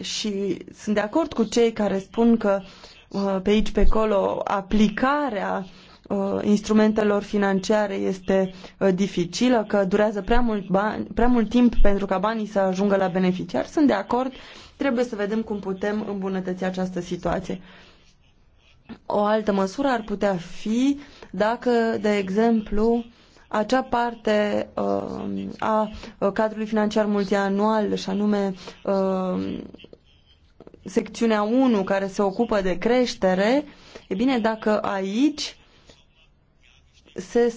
Și sunt de acord cu cei care spun că uh, pe aici, pe acolo, aplicarea uh, instrumentelor financiare este uh, dificilă, că durează prea mult, bani, prea mult timp pentru ca banii să ajungă la beneficiari. Sunt de acord uh, Trebuie să vedem cum putem îmbunătăți această situație. O altă măsură ar putea fi dacă, de exemplu, acea parte uh, a cadrului financiar multianual, și anume uh, secțiunea 1 care se ocupă de creștere, e bine, dacă aici se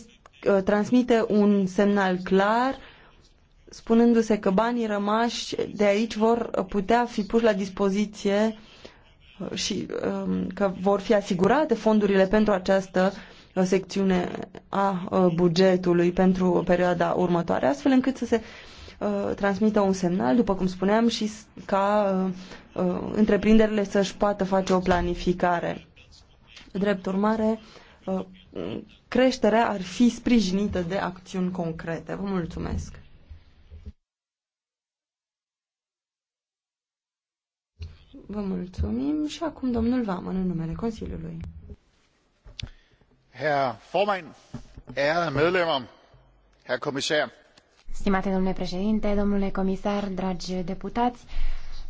uh, transmite un semnal clar uh, spunându-se că banii rămași de aici vor putea fi puși la dispoziție uh, și um, că vor fi asigurate fondurile pentru această uh, secțiune a uh, bugetului pentru perioada următoare, astfel încât să se transmită un semnal, după cum spuneam, și ca întreprinderile să-și poată face o planificare. Drept urmare, creșterea ar fi sprijinită de acțiuni concrete. Vă mulțumesc! Vă mulțumim și acum domnul Vaman în numele Consiliului. Herr Formann, ærede medlemmer, herr Kommissar. Stimate domnule președinte, domnule comisar, dragi deputați,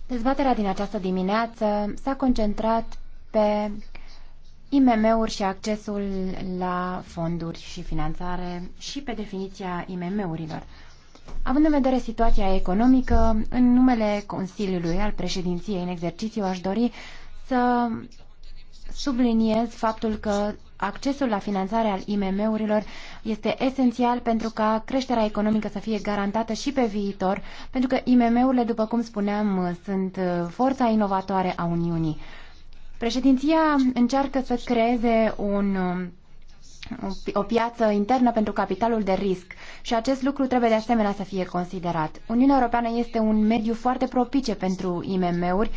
dezbaterea din această dimineață s-a concentrat pe IMM-uri și accesul la fonduri și finanțare și pe definiția IMM-urilor. Având în vedere situația economică, în numele Consiliului al președinției în exercițiu aș dori să subliniez faptul că accesul la finanțare al IMM-urilor este esențial pentru ca creșterea economică să fie garantată și pe viitor, pentru că IMM-urile, după cum spuneam, sunt forța inovatoare a Uniunii. Președinția încearcă să creeze un o piață internă pentru capitalul de risc și acest lucru trebuie de asemenea să fie considerat. Uniunea Europeană este un mediu foarte propice pentru IMM-uri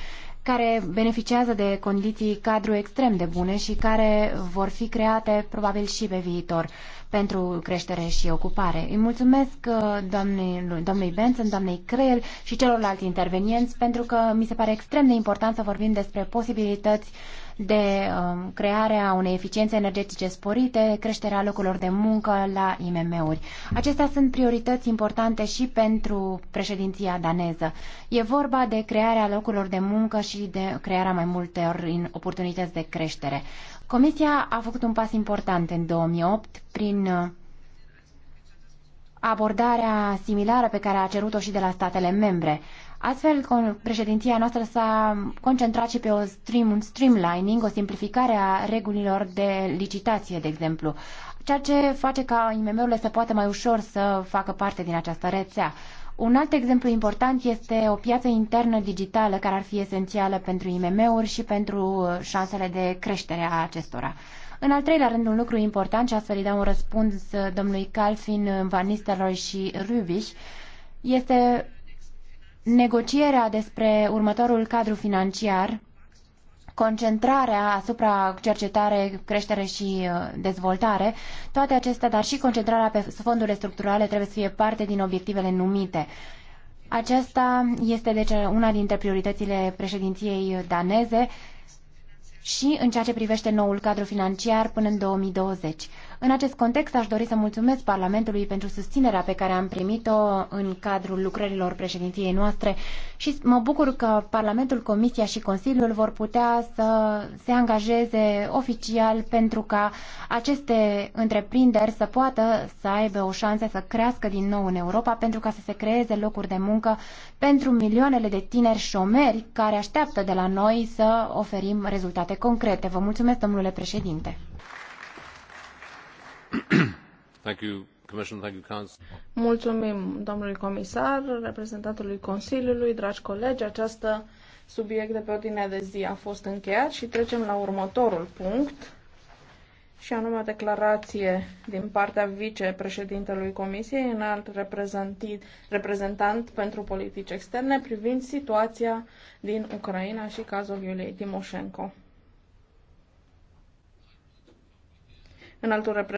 care beneficiază de condiții cadru extrem de bune și care vor fi create probabil și pe viitor pentru creștere și ocupare. Îi mulțumesc uh, doamnei, doamnei Benson, doamnei Creel și celorlalți intervenienți pentru că mi se pare extrem de important să vorbim despre posibilități de um, crearea unei eficiențe energetice sporite, creșterea locurilor de muncă la IMM-uri. Acestea sunt priorități importante și pentru președinția daneză. E vorba de crearea locurilor de muncă și de crearea mai multor oportunități de creștere. Comisia a făcut un pas important în 2008 prin uh, abordarea similară pe care a cerut-o și de la statele membre. Astfel, președinția noastră s-a concentrat și pe o stream, un streamlining, o simplificare a regulilor de licitație, de exemplu, ceea ce face ca IMM-urile să poată mai ușor să facă parte din această rețea. Un alt exemplu important este o piață internă digitală care ar fi esențială pentru IMM-uri și pentru uh, șansele de creștere a acestora. În al treilea rând, un lucru important și astfel îi dau un răspuns uh, domnului Calfin, uh, Van Nistelrooy și Rubiș, este negocierea despre următorul cadru financiar concentrarea asupra cercetare, creștere și uh, dezvoltare, toate acestea, dar și concentrarea pe fondurile structurale trebuie să fie parte din obiectivele numite. Aceasta este deci una dintre prioritățile președinției daneze și în ceea ce privește noul cadru financiar până în 2020. În acest context, aș dori să mulțumesc Parlamentului pentru susținerea pe care am primit-o în cadrul lucrărilor președinției noastre și mă bucur că Parlamentul, Comisia și Consiliul vor putea să se angajeze oficial pentru ca aceste întreprinderi să poată să aibă o șansă să crească din nou în Europa pentru ca să se creeze locuri de muncă pentru milioanele de tineri șomeri care așteaptă de la noi să oferim rezultate concrete. Vă mulțumesc, domnule președinte. Mulțumim domnului comisar, reprezentantului Consiliului, dragi colegi. Acest subiect de pe ordinea de zi a fost încheiat și trecem la următorul punct și anume o declarație din partea vicepreședintelui Comisiei, înalt reprezentant pentru politici externe, privind situația din Ucraina și cazul Iuliei Timoșenko. Înaltul reprezentant